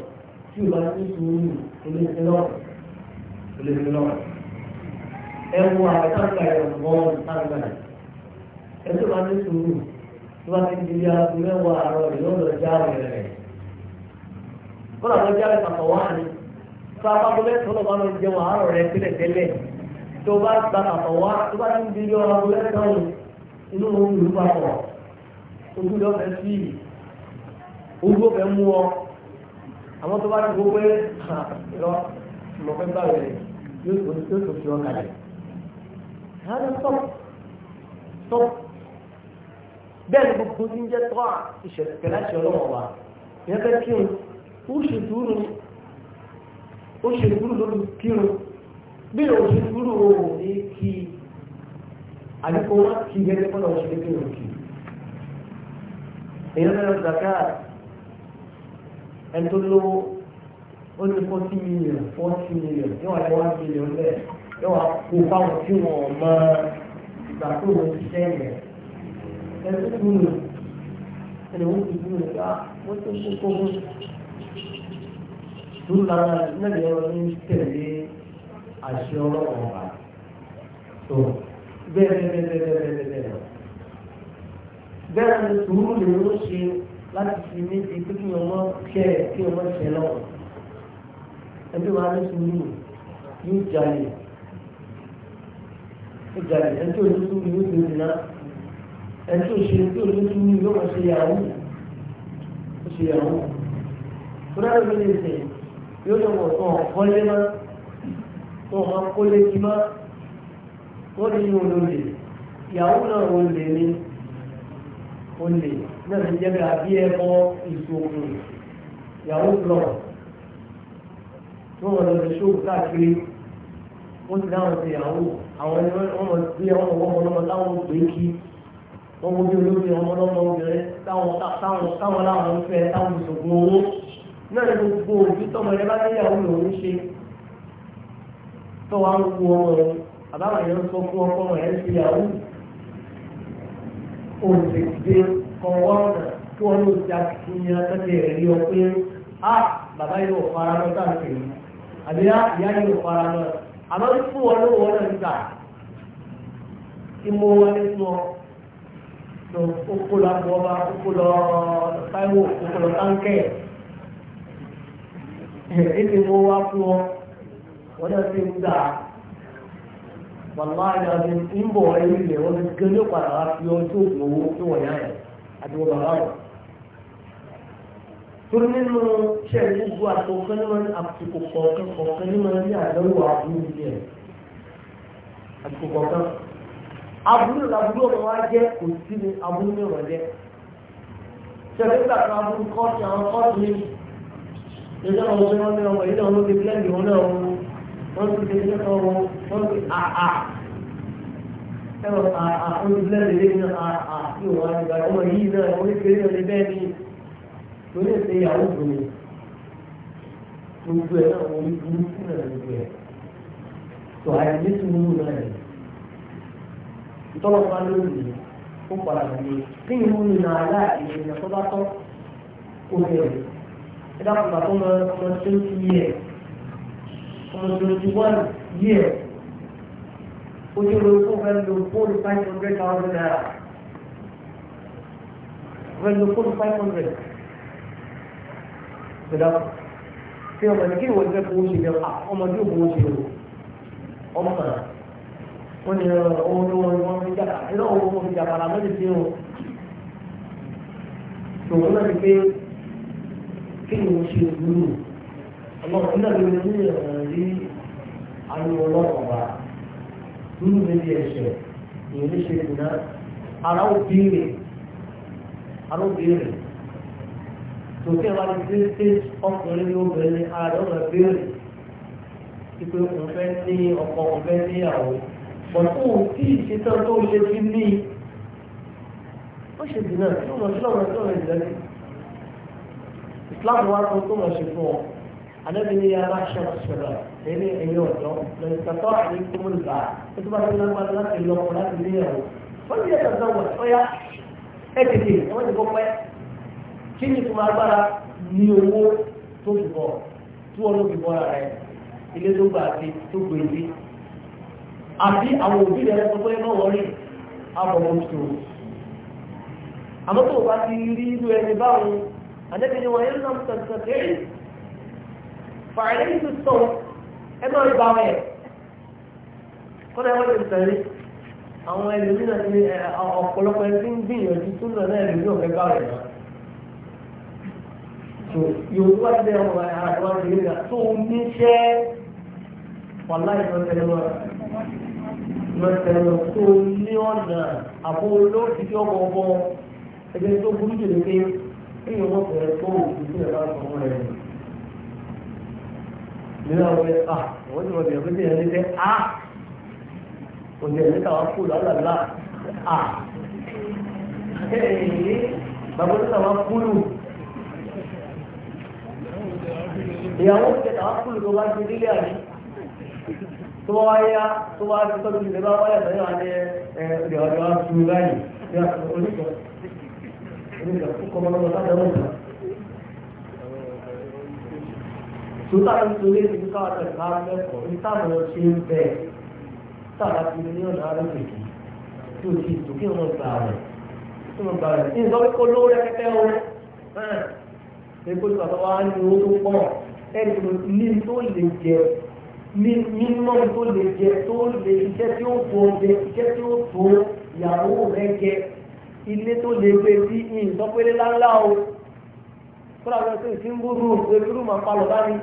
شو ما تسمون ثم يسلون ثم يسلون أبو عبد الله يوم غون ẹtọ́ bá ní sùúrù tó bá ti di aago mẹ́wàá àárọ̀ ìlú lọ jáwé rẹ̀ kọ́lá lọ jáwé pàpà wá ní tó a bá gbọ́dọ̀ tó lọ́ bá lọ jẹun àárọ̀ rẹ̀ tẹ́lẹ̀ tẹ́lẹ̀ tó bá gba pàpà wá tó bá ti di aago mẹ́sàn-án inú òun ìlú papọ̀ ojú lọ fẹ́ sí ojú ó fẹ́ mú ọ àwọn tó bá ti gbọ́ pé lọ lọ fẹ́ bá rẹ̀ yóò tó fi ọ kalẹ̀. Hada stop stop bẹ́ẹ̀ ni gbogbo ní jẹ́ tọ́ à ìṣẹ̀lẹ̀ pẹ̀lú àṣẹ ọlọ́wọ́ wa ìyẹn fẹ́ kírun ó ṣe dúró ni ó ṣe dúró lórí kírun bí o ṣe dúró o ò ní kí àdúgbò wọn kí gẹ́gẹ́ bọ́lá ọ̀ṣẹ́ kírun kì èèyàn mẹ́rin zaka ẹni tó lówó ó ní forty million forty million yóò wá ní one million bẹ́ẹ̀ yóò wá kó fáwọn tí wọ́n mọ ìgbà tó wọ́n ti ẹni tó kú nù ẹni wọ́n ti kú nù ká wọ́n tó kú kókó dúró lára náà yẹn wọ́n ń tẹ̀lé àṣẹ ọlọ́wọ́ wa tó bẹ́ẹ̀ bẹ́ẹ̀ bẹ́ẹ̀ bẹ́ẹ̀ bẹ́ẹ̀ bẹ́ẹ̀ bẹ́ẹ̀ ni sùúrù lè ń ṣe láti fi ní ti pé kí ọmọ kẹ́ ẹ̀ kí ọmọ ṣẹ lọ́wọ́ ẹbí wa ní sùúrù yóò jalè yóò jalè ẹni tó ní sùúrù yóò ti rìn náà ẹni ṣe tó tó tún ní yóò ṣe yàwó ṣe yàwó tó dára lè sè yóò lọ tó hàn kọ́lé má tó hàn kọ́lé kí má wọ́n ní yóò lò yàwó náà wọ́n lè ní wọ́n náà ti jẹ́ bí abí ẹ̀kọ́ ìṣòkùn yàwó lọ wọ́n lọ sí ṣóòkù káàkiri wọ́n ti dáhùn sí yàwó àwọn ẹni wọ́n ọmọ ọmọ ọmọ táwọn gbé kí wọ́n bí olómi ọmọ ọlọ́mọ obìnrin táwọn láwọn ń fẹ́ táwọn ìṣògùn owó náà ní gbogbo òbí tọmọ ẹ bá níyàwó lòún ṣe tọ́wọ́ ń wo ọmọ rẹ àbáwọn èèyàn sọ fún ọkọ rẹ ń fi yàwó òṣèdè kan wọ́n nà kí wọ́n ló ti àkíyàn tẹ́tẹ́ rẹ̀ rí ọ a bàbá yìí fara lọ sáàtì àbí ìyá yìí fara lọ àmọ́ fún wọn náà níta kí mo wọlé tó kókó lọ abọ́ba kókó lọ táíwò kókó lọ táńkẹ́ ètò ìwọ wa fún ọ wọn náà ti ń gbà wàláhà náà ti ń bọ̀ ẹ̀yìn ilẹ̀ wọn ti gé ló padà wá fi ọ tó òwò tó wọ̀ yá ẹ̀ àti wọn bàbá wọn. torí nínú ṣẹ́ẹ̀ gbogbo àtọ̀kọ́ ní wọn àtìkò kọ̀ọ̀kan kọ̀ọ̀kan ní wọn ní àdánwò àbúrò ilé ẹ̀ àtìkò kọ̀ọ̀kan aburú làbúrú ọmọ wa jẹ́ òsì ni aburú mi wọ̀ jẹ́ ṣẹlẹ̀ nígbà kan aburú kọ́ọ̀tù àwọn kọ́ọ̀tù mi ìjọba ọmọ mi wọn ní ọmọ yìí náà ló ti bílẹ̀ ìwọ̀n náà wọn wọn ti ṣe iṣẹ́ kan wọn wọn ti àà ẹ̀rọ àà wọn ti bílẹ̀ ìwé ah, ah. ní àà sí òun àgbà ọmọ yìí náà wọn ti kéré ọ̀lẹ́ bẹ́ẹ̀ ni lórí ètò ìyàwó gbòmí gbogbo ẹ̀ náà wọn ti burú sí náà tọ́lọ́ bá lónìí ó padà wọlé kí ni wọ́n nínú àlá ìrìnà tó bá tọ́ ó bẹ̀rẹ̀ ẹ dákun bá tó lọ ọmọ tó ti yẹ ọmọ tó ti wọ́n yẹ ó ti lọ fún fẹ́ lo fóònù five hundred thousand naira fẹ́ lo fóònù five hundred ẹ dákun kí ọmọ ní kí ìwọ ìfẹ́ fowó ṣe lọ ọmọ tí ò fowó ṣe lọ ọmọ kan wọ́n ní ohun ní wọ́n wọ́n fi jàpá iná ohun wọ́n fi jàpá làwọn ti fi tòun náà ti pé kí ni mo ṣe gbúrú ọlọ́run nígbà tó ní ìrìn rí àwọn ọlọ́run ọba gbúrú méjì ẹ̀ṣẹ̀ ìyẹn ní ṣe ìdùnnà ara ó bèèrè ara ó bèèrè tòkè wa ti fi ṣe ọkùnrin ní obìnrin ara rẹ̀ ó bèèrè ipe òun fẹ́ ní ọkọ òun fẹ́ ní pọ̀kú tí ìṣetán tó ṣe fi ní ó ṣe tí ó mọ̀ sí lọ́wọ́ tí ó Islam wa tó tó mọ̀ ṣe fún ọ alẹ́bí ni yàrá ṣọ̀rọ̀ṣọ̀rọ̀ ẹni ẹ̀yìn ọ̀dọ́ lẹ́yìn tàtọ́ àti kọ́mọ̀lùbà tó tó bá ti lágbára láti lọ ọkọ̀ láti ní ẹ̀rọ wọ́n ti yẹ kàtà wọ̀ ọ̀yá ẹ̀ tètè wọ́n ti kọ́ pẹ́ kí ni tó máa gbára ní owó tó fi bọ̀ tí wọ́n ló fi bọ́ra àbí àwọn òbí rẹ̀ sọ pé mọ́ wọ́n rí àbọ̀mọ̀ tó àmọ́ tó bá ti rí irú ẹni báwọn àdẹ́bìnrin wọn yóò náà tẹ̀sẹ̀ tẹ́lẹ̀ fàìlẹ́ yìí tó tọ̀ ẹ máa rí báwọn ẹ̀ kọ́ náà wọ́n ti tẹ̀lé àwọn ẹlòmí náà ti ọ̀pọ̀lọpọ̀ ẹni tí ń gbìyànjú tó nà náà ẹlòmí ọ̀fẹ́ bá rẹ̀ náà yóò wá mọ̀tẹ́lẹ̀ tó ní ọ̀nà àbò olóòtú tí ọmọ ọmọ ẹgbẹ́ tó burú jù lókè èyí wọ́n fẹ́ tó òkú sí ẹ̀ka ọmọ rẹ̀. nínú àwọn ẹ̀ à ah, wọ́n ti mọ̀ bẹ̀rẹ̀ pé tẹ̀yẹ̀ lẹ́tẹ̀ à òjò ẹ̀mí tàwa kú lálàlá à ah, ẹ̀ẹ́dẹ́ bàbá tó tàwa kúlù ìyàwó tẹ̀ tàwa kúlù tó bá ti délé àná tó bá wáyá tó bá ti tọ́jú ilé bá wáyà tó yà ní ẹ̀ẹ́dẹ̀ ọ̀dọ̀ aṣù báyìí oníkọ̀ oníkọ̀ tó kọ́ mọ́ lọ́wọ́ sábẹ́ wọn. Sùtà ń torí ti ká ọ̀tọ̀ ìka lẹ́kọ̀ọ́ ní táwọn ṣe ń bẹ̀ sábà ti ní ọ̀nà arábìnrin tí o ti tò kí wọ́n gbà rẹ̀ kí wọ́n gbà rẹ̀ ní ìsọ́ pé kó lówó rẹ́kẹ́kẹ́ o ẹ̀ẹ́dẹ̀ kó lọ́wọ́ wá ní owó tó pọ̀ ẹ̀ẹ́dẹ̀ tó ní tó lè jẹ mímọ́ tó lè jẹ tó lè iṣẹ́ tí ó tó jẹ iṣẹ́ tí ó tó ìyàwó rẹ jẹ ilé tó lè gbé sí ìǹtọ́pẹ́lẹ́ láńlá o kúrò àwọn ẹgbẹ́ tí ń búrú ìrú máa palọ̀ bá ní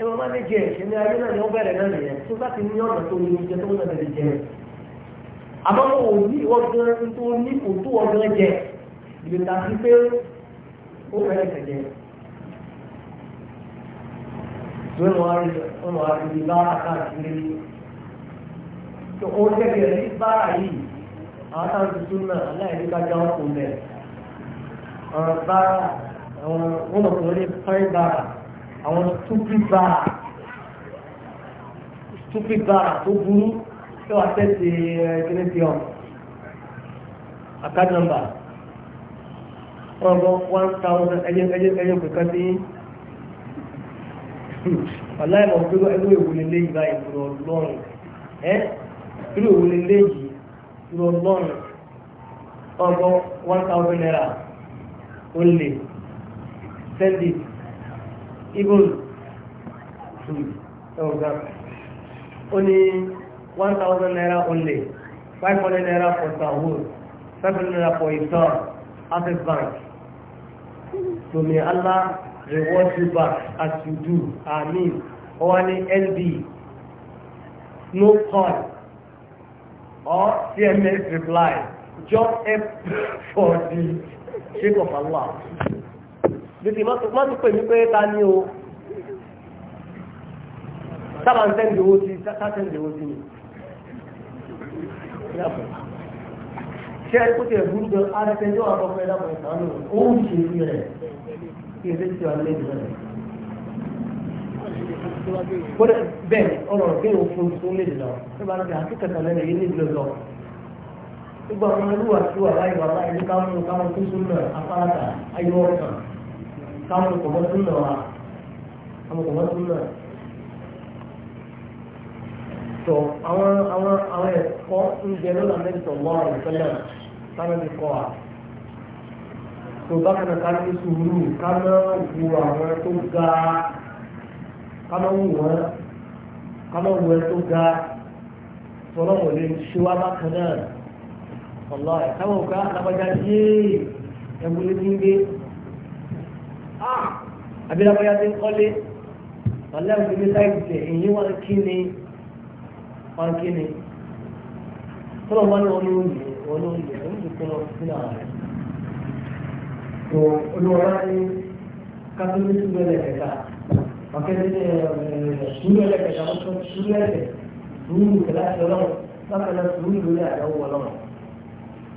ẹ̀rọ máa lè jẹ ẹ̀ṣẹ̀ ní ayé náà ni ó bẹ̀rẹ̀ náà nìyẹn tó bá ti ní ọ̀nà tó lè jẹ tó ń tẹ̀lé jẹ àmọ́ wọn ní ọgbọ́n tó ní kò tó ọgbọ́n jẹ ìgbésà sí pé ó fẹ́rẹ̀ tẹ̀lé wọ́n máa rí wọ́n máa rí bí bára káàkiri tó ó tẹ̀lé rí bára yìí àwọn táwọn tuntun náà aláìní ká já wọn kò mẹ́ ọ̀rọ̀ bára àwọn wọ́n mọ̀ tó rí pẹ́ẹ́ bára àwọn túbí bára túbí bára tó burú tó wà tẹ́sí ẹ̀ẹ́dẹ́gbẹ́ tí ọ̀ àká nọ́mbà wọ́n bọ́ one thousand ẹ̀yẹ́ ẹ̀yẹ́ ẹ̀yẹ́ pẹ̀kẹ́ aláìmọ̀ pé ẹlú èwo lè léyìí báyìí lọ lọ́rùn ẹ́ irú èwo lè léyìí lọ lọ́rùn ọgbọ́ one thousand naira only. lè send it even to ẹ̀wọ̀n ó ní one thousand naira only. lè five hundred naira for sahur seven hundred naira for iftar access bank to allah reward you back as you do amin ọwọ́ ní nd no call or cms reply just help for the sake of allah bíbí má tún pè mí pé ta ni o sábà ń tẹ́ǹdì owó sí sátẹ́ǹdì owó sí ni ṣé ẹ kó tiẹ̀ burú gan-an ara ẹ̀ṣẹ̀ yóò wà lọ́pọ̀ ẹ̀dá pọ̀ ṣe é rẹ̀ kí ẹsẹ̀ tí wà lé ìgbà rẹ̀. kódà bẹ́ẹ̀ ọ̀rọ̀ kí o fún tó lè lọ ẹ bá lọ́kẹ́ àti kẹta lẹ́nu yìí nílò lọ. gbogbo àwọn olúwa tí wà láyé wà láyé ní káwọn káwọn tó sún náà afárátà ayé ọ̀sán káwọn kò mọ́ sún náà wa àwọn kò mọ́ ẹ̀kọ́ ń jẹ lọ́la mẹ́tọ̀ wọ́n àrùn fẹ́lẹ̀ táwọn ti kọ́ wa tó bá kan ká ní sùúrù ká má wo àwọn tó ga ká má wò wọ́n ká má wo ẹ tó ga tọ́lọ́ wò lè ṣe wá bákan náà ọ̀la ẹ̀ káwọn ká alábàjá yéé ẹ̀wọ̀n lè ní gbé abilábáyá ti ń kọ́lé ọ̀lẹ́wọ̀n ti ní láìpẹ́ èyí wọ́n kí ni wọ́n kí ni tọ́lọ̀ wọn ni wọ́n ló ń yẹ wọ́n ló ń yẹ wọ́n ló ń yẹ kí wọ́n sí náà rẹ̀. tó olùwọ́lá ní kátólíkì lọ́lẹ̀ kẹta ọ̀kẹ́lẹ́ ṣúlọ́lẹ̀ kẹta ó sọ ṣúlọ́lẹ̀ sùúrù kẹlá ṣe ọlọ́run lákàlẹ̀ sùúrù lórí àdáwò ọlọ́run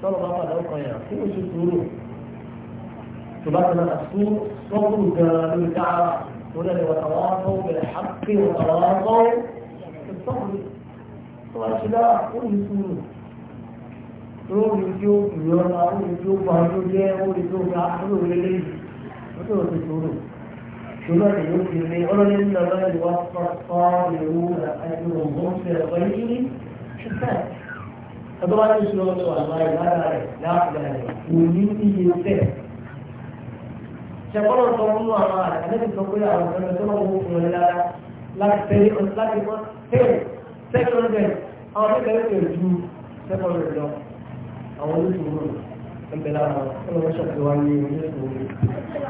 tọ́lọ̀ bá padà ọkàn yà kí ó ṣe sùúrù tó bá tẹ̀lé àṣù sọ́kùrù gan-an lórí káàrà lórí ẹ̀rọ wàtàwọ́ tó bẹ̀rẹ̀ hápẹ́ wàtàwọ́ tó sọ́kùrù tó bá ṣe dára ó ní sùúrù lórí tí ó ìyọra lórí tí ó bá ọdún jẹ́ lórí tí ga lórí lélẹ́ yìí lórí ṣùgbọ́n tí ó fi lé ọlọ́lẹ́ ní ọ̀rọ̀ ẹ̀ àwọn oníṣòwò ń bẹ lára wọn wọ́n ṣàfihàn wá ní oníṣòwò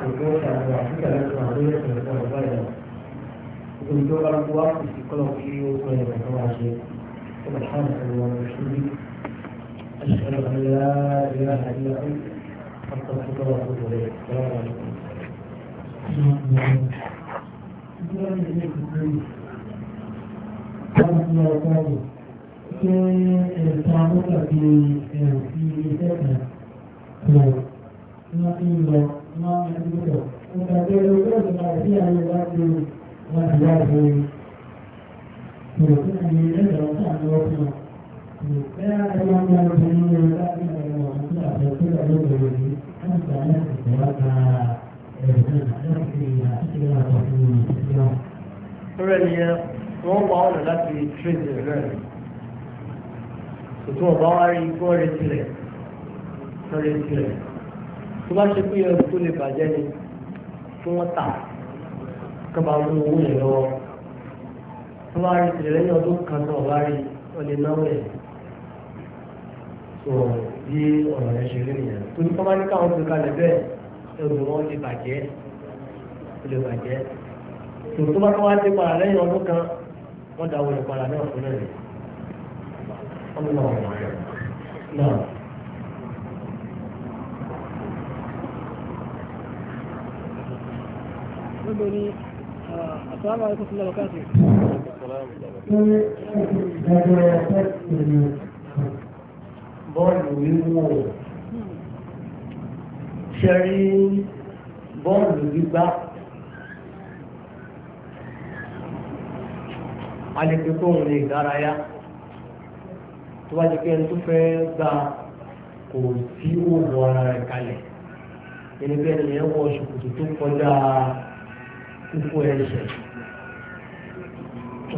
ògbó ṣàfihàn àfíkà lẹ́sùn àwọn oníṣòwò ìjọba ìjọba ìjọba ìgbòmìjọ bá gbogbo wá kò sí kọ́lọ̀ kí ó sọ ìrìn àwọn àṣẹ سبحانك اللهم وبحمدك أشهد أن لا إله إلا أنت أستغفرك وأتوب إليك السلام عليكم Thank you. pé ẹ̀ka mọ́tàbí ẹ̀rùn sí iṣẹ́ tó wọ́n ti lọ wọ́n ń lọ. Nígbà tí ẹni ojú ọ̀sẹ̀ náà sí ayé wá sí wọn ti wá sí ìrò tí wọ́n lẹ́yìn ọ̀rọ̀ sí àwọn ọ̀sẹ̀ náà. Bẹ́ẹ̀ ni wọ́n máa ń fi ní ẹ̀rọ láti ẹ̀rọ àṣẹ tó yà ló bẹ̀rẹ̀ ní wọ́n ti àyẹ̀ ìṣẹ̀ wá ka ẹ̀rọ náà láti àti ìṣẹ̀ wá kọ̀ fún ìṣẹ̀ náà. Ó rẹ̀ ni wọ́n wá ọ̀nà láti tírèdì rẹ̀ ètò ọ̀bá wa rí ikú ọ̀rẹ́ tilẹ̀ ọ̀rẹ́ tilẹ̀ tó bá ṣe pé ẹrù tó lè bàjẹ́ ni kí wọ́n tà kí wọ́n bá mú owó yẹn lọ́wọ́ tó bá rí tilẹ̀ lẹ́yìn ọdún kan tó ọ̀bá rí ọlẹ́ náwó yẹn tó bí ọ̀rọ̀ rẹ̀ ṣe rí nìyẹn tó ní kọ́ bá ní káwọn fi kalẹ̀ bẹ́ẹ̀ ẹrù wọn lè bàjẹ́ lè bàjẹ́ tó tó bá kọ́ wá dé padà lẹ́yìn ọdún kan wọ́n dáwọ́ ìpadà náà fún náà الله أعلم نعم السلام عليكم ورحمة الله وبركاته. Bọ́ọ̀lù wíwò ṣe rí bọ́ọ̀lù gbígbá. A lè fi kóhun tó bá jẹ́ pé ẹni tó fẹ́ gba kò sí òwò ara rẹ̀ kalẹ̀ ẹni pé ẹni yẹn wọ ṣòkòtò tó kọjá kókó ẹsẹ̀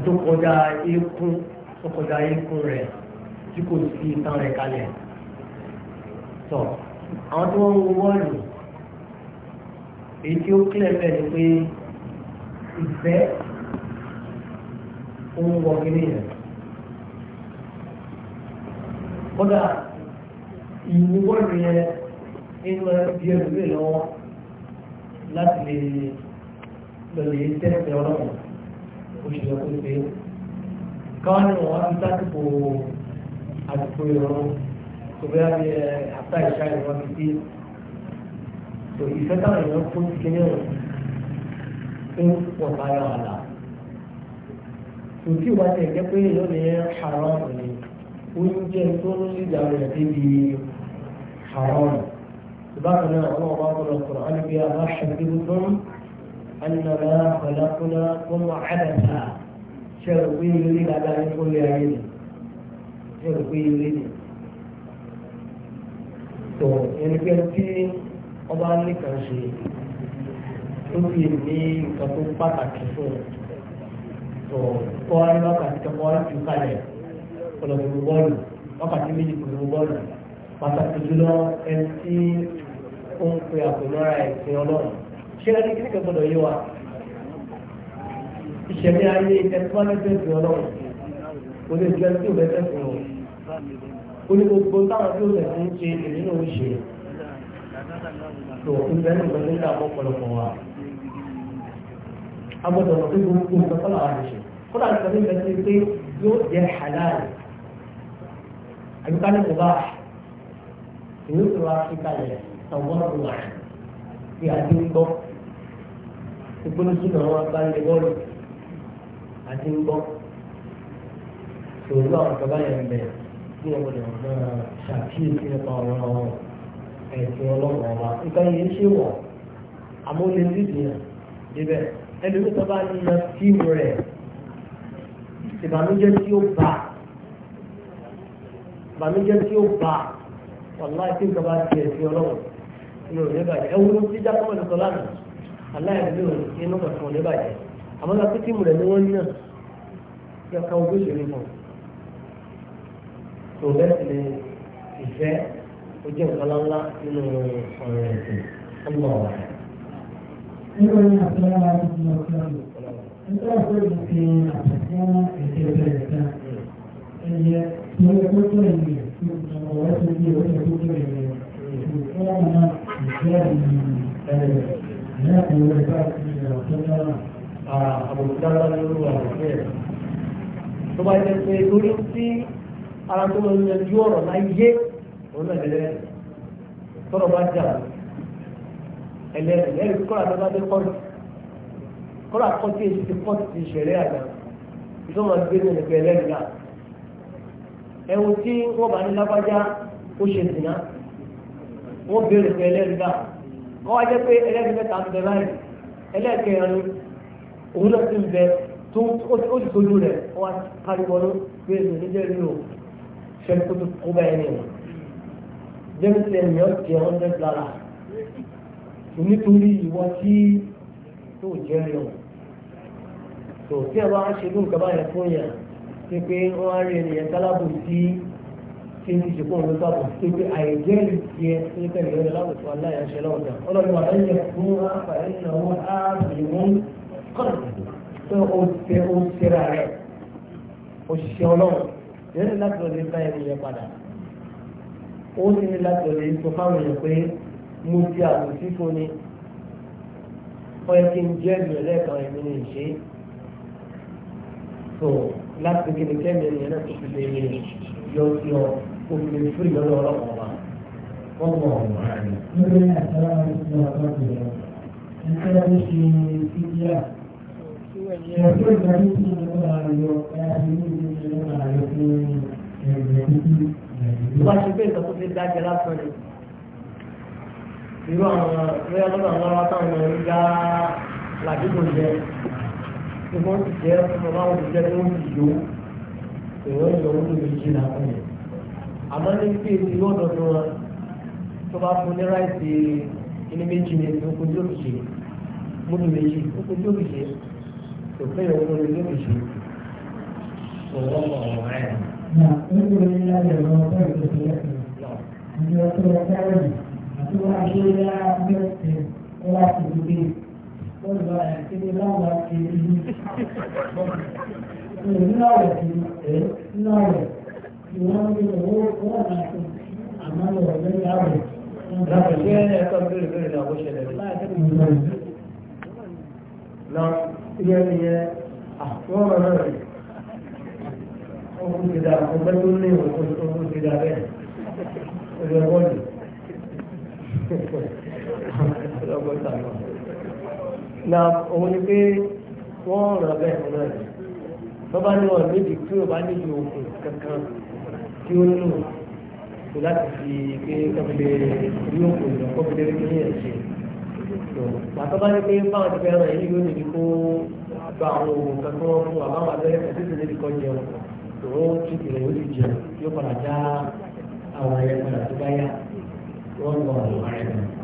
tó kọjá eékún tó kọjá eékún rẹ̀ tí kò sí itan rẹ̀ kalẹ̀ tọ̀ àwọn tó ń wọ́ọ̀lù èyí tí ó kílẹ̀ bẹ́ẹ̀ ni pé ìfẹ́ ó ń wọ kíní yẹn kódà ìwúwọ́rù yẹn inú ẹbí ẹbí lọ́wọ́ láti lè lọ́lẹ̀ tẹ́lẹ̀ ọlọ́run oṣù ọ̀pọ̀ pé káwọn ní wọn á fi sásìkò àdìpọ̀ ìrọ̀rùn tó bẹ́ẹ̀ bí àtà ìṣá ìwọ́n fi dé tó ìfẹ́ táwọn èèyàn kó ti kéde rẹ̀ tó pọ̀ báyọ̀ àlà tòtí ìwádìí ẹ̀jẹ̀ pé lónìí ṣàrọ̀ ọ̀rọ̀ ni oúnjẹ tó ń ṣìjà rẹ̀ débi àwọn bákan náà àwọn ọba gbọ́dọ̀ sọ̀rọ̀ alùpùpù aláṣẹ́gbẹ́gbẹ́ tó ń anàlá ọ̀làkúnlá tó ń wà ẹ̀dẹ̀ta ṣe rò pé ilé dáadáa ní kólé ayé ni ṣe rò pé ilé ni. tó ẹni pé tí ọba nìkan ṣe tó fi ní nǹkan tó pàtàkì fún un tó kọ́ ẹ bá kàtí kẹ́kọ̀ọ́ ju ọ̀lọ́gbọ̀n bọ́ọ̀lù wákàtí méjì pẹ̀lú bọ́ọ̀lù pàtàkì jùlọ ẹni tí ó ń pe àpòmọ́ra ẹ̀sìn ọlọ́run ṣé ẹni kí nìkan gbọ́dọ̀ yé wa ìṣẹ̀lẹ̀ ayé ẹ̀sìn ọlọ́run kò lè jẹ́ tí ò bẹ́ tẹ̀sán o ó ní gbogbo táwọn tí ó lè fún ṣe èmi náà ń ṣe tó ń bẹ́ẹ̀ nìkan tó ń dà bọ́ pọ̀lọpọ̀ wa a gbọ́dọ̀ lọ sí gbogbo nǹkan tó làwọn àṣẹ kó dà nǹkan tó ń bẹ sí pé yóò jẹ́ halal àbí ká ní kò bá ìwé ìṣòro áfíríkà yẹn àwọn ọ̀rọ̀ wà bí a ti ń gbọ́ ìpolóṣù náà wọn bá lè bọ́ọ̀lù a ti ń gbọ́ ìṣòro àwọn ìjọba yẹn bẹ̀ bí wọn lè máa ṣàkíyèsí nípa ọ̀rọ̀ ẹ̀sìn ọlọ́run ọba nípa yẹn ṣé wọ̀ àmọ́ bàmíjẹ́ tí ó bá wàláì tí nǹkan bá ti ẹ̀ sí ọlọ́run inú rẹ̀ bàjẹ́ ẹ wúlò tí jákọ́ mọ̀ lọ́tọ̀ lánàá aláìní ò ní inú kan fún ọ níbàjẹ́ àmọ́ lọ sí tíìmù rẹ̀ ni wọ́n ń yàn kí ọkàn ojú ìṣèlú mọ̀ tó bẹ́ẹ̀ sì ni ìfẹ́ ó jẹ́ nǹkan ńláńlá nínú ọ̀rọ̀ ẹ̀sìn ọmọ ọ̀rọ̀ rẹ̀. nígbà yẹn àtúnyẹ̀wò àti ìmọ̀ ọ̀sán lò nígbà tó ti àtẹ̀síwọ́n ètò ìbẹ̀rẹ̀ ẹ̀yẹ tí ó yẹ kó tó ẹ̀yẹ ọ̀rọ̀ tó bí ó yẹ kó tó ẹ̀yẹ ìfẹ́ ọ̀nà ìfẹ́ ẹ̀yẹ ìyá kan ló bá ti ẹ̀rọ tó dára àbòtára lórí àbòtẹ́ ẹ̀. tó bá jẹ́ pé torí tí ara tó lọ yanjú ọ̀rọ̀ láyé òun náà lẹ́lẹ́ tọ́rọ̀ bá jà ẹlẹ́rìí lẹ́rìí kọ́ra tó bá dé kọ́ọ̀tù kọ́ra kọ́ọ̀tù èyí ti kọ́ọ̀tù ti ṣẹlẹ̀ àgbà ìtọ́ gbé ní ẹ̀gbẹ́ ẹlẹ́rìí náà ẹ̀wù tí wọ́n bá ní lágbájá ó ṣe sìnà wọ́n béèrè pé ẹlẹ́rìí bá wọ́n wá jẹ́ pé ẹlẹ́rìí mẹ́ta ń bẹ báyìí ẹlẹ́ẹ̀kẹrin òun náà ti ń bẹ tó ó ti tójú rẹ̀ wọ́n á pariwo ní pé èmi níjẹ́ rí o ṣe kó tó kó bá ẹni wọn jẹ́mi ti ẹ̀mí ọ̀ jẹ́ hundred dollar nítorí ìwọ tí tó jẹ́ rí o tó tí ẹ bá ṣe ní nǹkan báyẹn fún yẹn ṣe pé wọ́n á rí ènìyàn sálábù tí ṣe ń ṣe fún òun sábà ṣe pé àìjẹ́ ìṣe ṣe tẹ̀lé ìrìn láwùjọ aláìṣẹ́ láwùjọ ọlọ́run wà lẹ́yìn fún àfààní ìnáwó ààbìmún kọ́nà pé ó ṣe ó ṣera rẹ̀ òṣìṣẹ́ ọlọ́run ìrìn láti lọ lè bá ènìyàn padà ó sì ní láti lọ lè sọ fáwọn èèyàn pé mo ti àbòsí fún ni ọ̀yẹ́ kí jẹ́ ìrẹ̀lẹ̀ kan ẹ̀mí ni ìṣe láti kéde kẹ́mi ẹ̀yẹ náà tó fi lè yọ sí ọ kó fi lè fún ìlú ọlọ́rọ̀ ọ̀la. wọ́n mọ̀ ọ́n mọ̀ ọ́n. lórí àtàrà ìṣẹ́ ọ̀gá ti rẹ̀ nígbà tó ṣe fídíà ẹ̀jọ́ ìgbàlódé ti ń lọ́wọ́ ayọ̀ ẹ̀yà ti ní ìlú ìlú ayọ̀ fún ẹ̀jẹ̀ títí. wọ́n á ṣe pé ìtọ́kùn ti dájẹ́ lásán ni irú àwọn lóyá lọ́dọ̀ àwọn ọlọ́wọ́ táwọn ọmọ tí wọ́n ti jẹ́ ọmọ báwọn ti jẹ́ tí wọ́n ti yó èèyàn yọ owó lórí ìjì làwọn yẹn àmọ́ ní pé ti lọ́dọ̀ tó wọn tó bá fún ní ráìsì kíní méjì ní ẹ̀sìn oko tí ó fi ṣe múlù méjì oko tí ó fi ṣe kò fẹ́ ìyàwó lórí tí ó fi ṣe ọ̀wọ́ ọ̀wọ́ ọ̀wọ́ ẹ̀. Nà ń gbèrè ní lábẹ́ ọ̀rọ̀ ọ̀pọ̀ ìgbésẹ̀ lẹ́sìn. Ìjọ tó yẹ káyọ̀ àti wọ́n á ṣe é yá bẹ́ẹ̀ lọ́dọ̀ àìkéde láwọn akéde ní ìlúláwẹ̀ tí ẹ̀ ńláwẹ̀ tí wọ́n ń gbé owó wọ́n máa tó àmọ́ lọ́wọ́ lórí àwẹ̀. Láti ṣe ẹ̀kọ́ bèrè bèrè náà bó ṣẹlẹ̀ rí. Lọ ilé ẹni yẹn àwọn ọ̀rọ̀ náà rè ọkùnrin ti da ọgbẹ́ tó ní ìwọ̀n tó tó ti da bẹ́ẹ̀ ọjọ́ bọ́ọ̀lù na òun ni pé wọ́n rọ̀ bẹ́ẹ̀ fún náà tó bá ní wọn méjì tí o bá níbi òògùn kankan tí ó nù kò láti fi pé kọ́fílẹ̀ rí òògùn lọ kọ́fílẹ̀ rí kí ní ẹ̀ṣẹ̀ pàtó bá ní pé báwọn ti fẹ́ràn èyí yóò níbi kó gba àwọn òògùn kankan wọn fún àbáwọn abẹ́rẹ́ kan títí níbi kan jẹun òun ti tìrẹ̀ yóò ti jẹun yóò padà já àwọn ẹ̀yẹ padà tó bá yá wọ́n lọ àwọn ẹ̀yẹ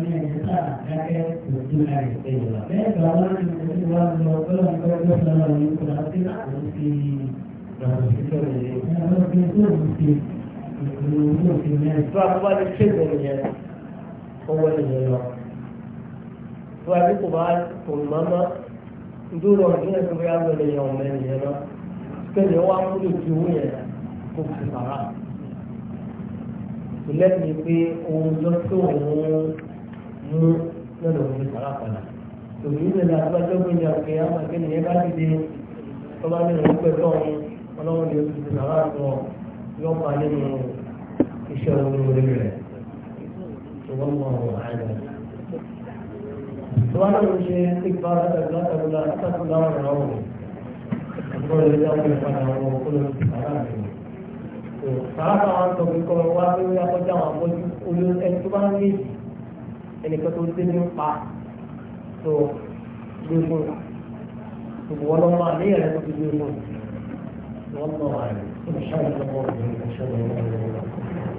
ní ìta dákẹ́ òtún láì ẹ̀yọ̀ lọ. bẹ́ẹ̀ bá wọn ní ojú wa lọ bọ́lá ń bọ́ bọ́lá lọ ní kó la sí àwọn ti lọ́dọ̀ sí lọ́dọ̀ yẹn. ní àwọn ọdún tó ń ṣe ìlú tó ti mẹ́rin. tó a bá lè ṣe ìbẹ̀rù yẹn ó wọlé yẹn lọ. tó a bí kò bá kò má mú lọ́dọ̀ òun ní sàrà padà tòun yìí lọ́dọ̀ àgbájọ́ gbé ní àpè àwọn akéde yẹn bá ti di ọba ní òun pẹ̀ tọ́ ọlọ́run ní oṣù tó sàrà tọ́ yọ̀ọ̀pá nínú iṣẹ́ olóore rẹ̀ ṣùgbọ́n mọ̀ ọ́ àìlọ́ tó wá lọ́dọ̀ ṣe ìgbà látàkùnlá látàkùnlá ọ̀rọ̀ ọ̀rọ̀ ọ̀rọ̀ ìdáwọ̀ ìpadà ọ̀rọ̀ ọ̀rọ̀ sàrà kan wà ń tọ́ pé kọ́ wá ẹnìkan tó dé ní pa tó gbé fún gbogbo wọn lọ́wọ́ àléyìn rẹ̀ tó ti gbé fún wọn lọ́wọ́ àlè.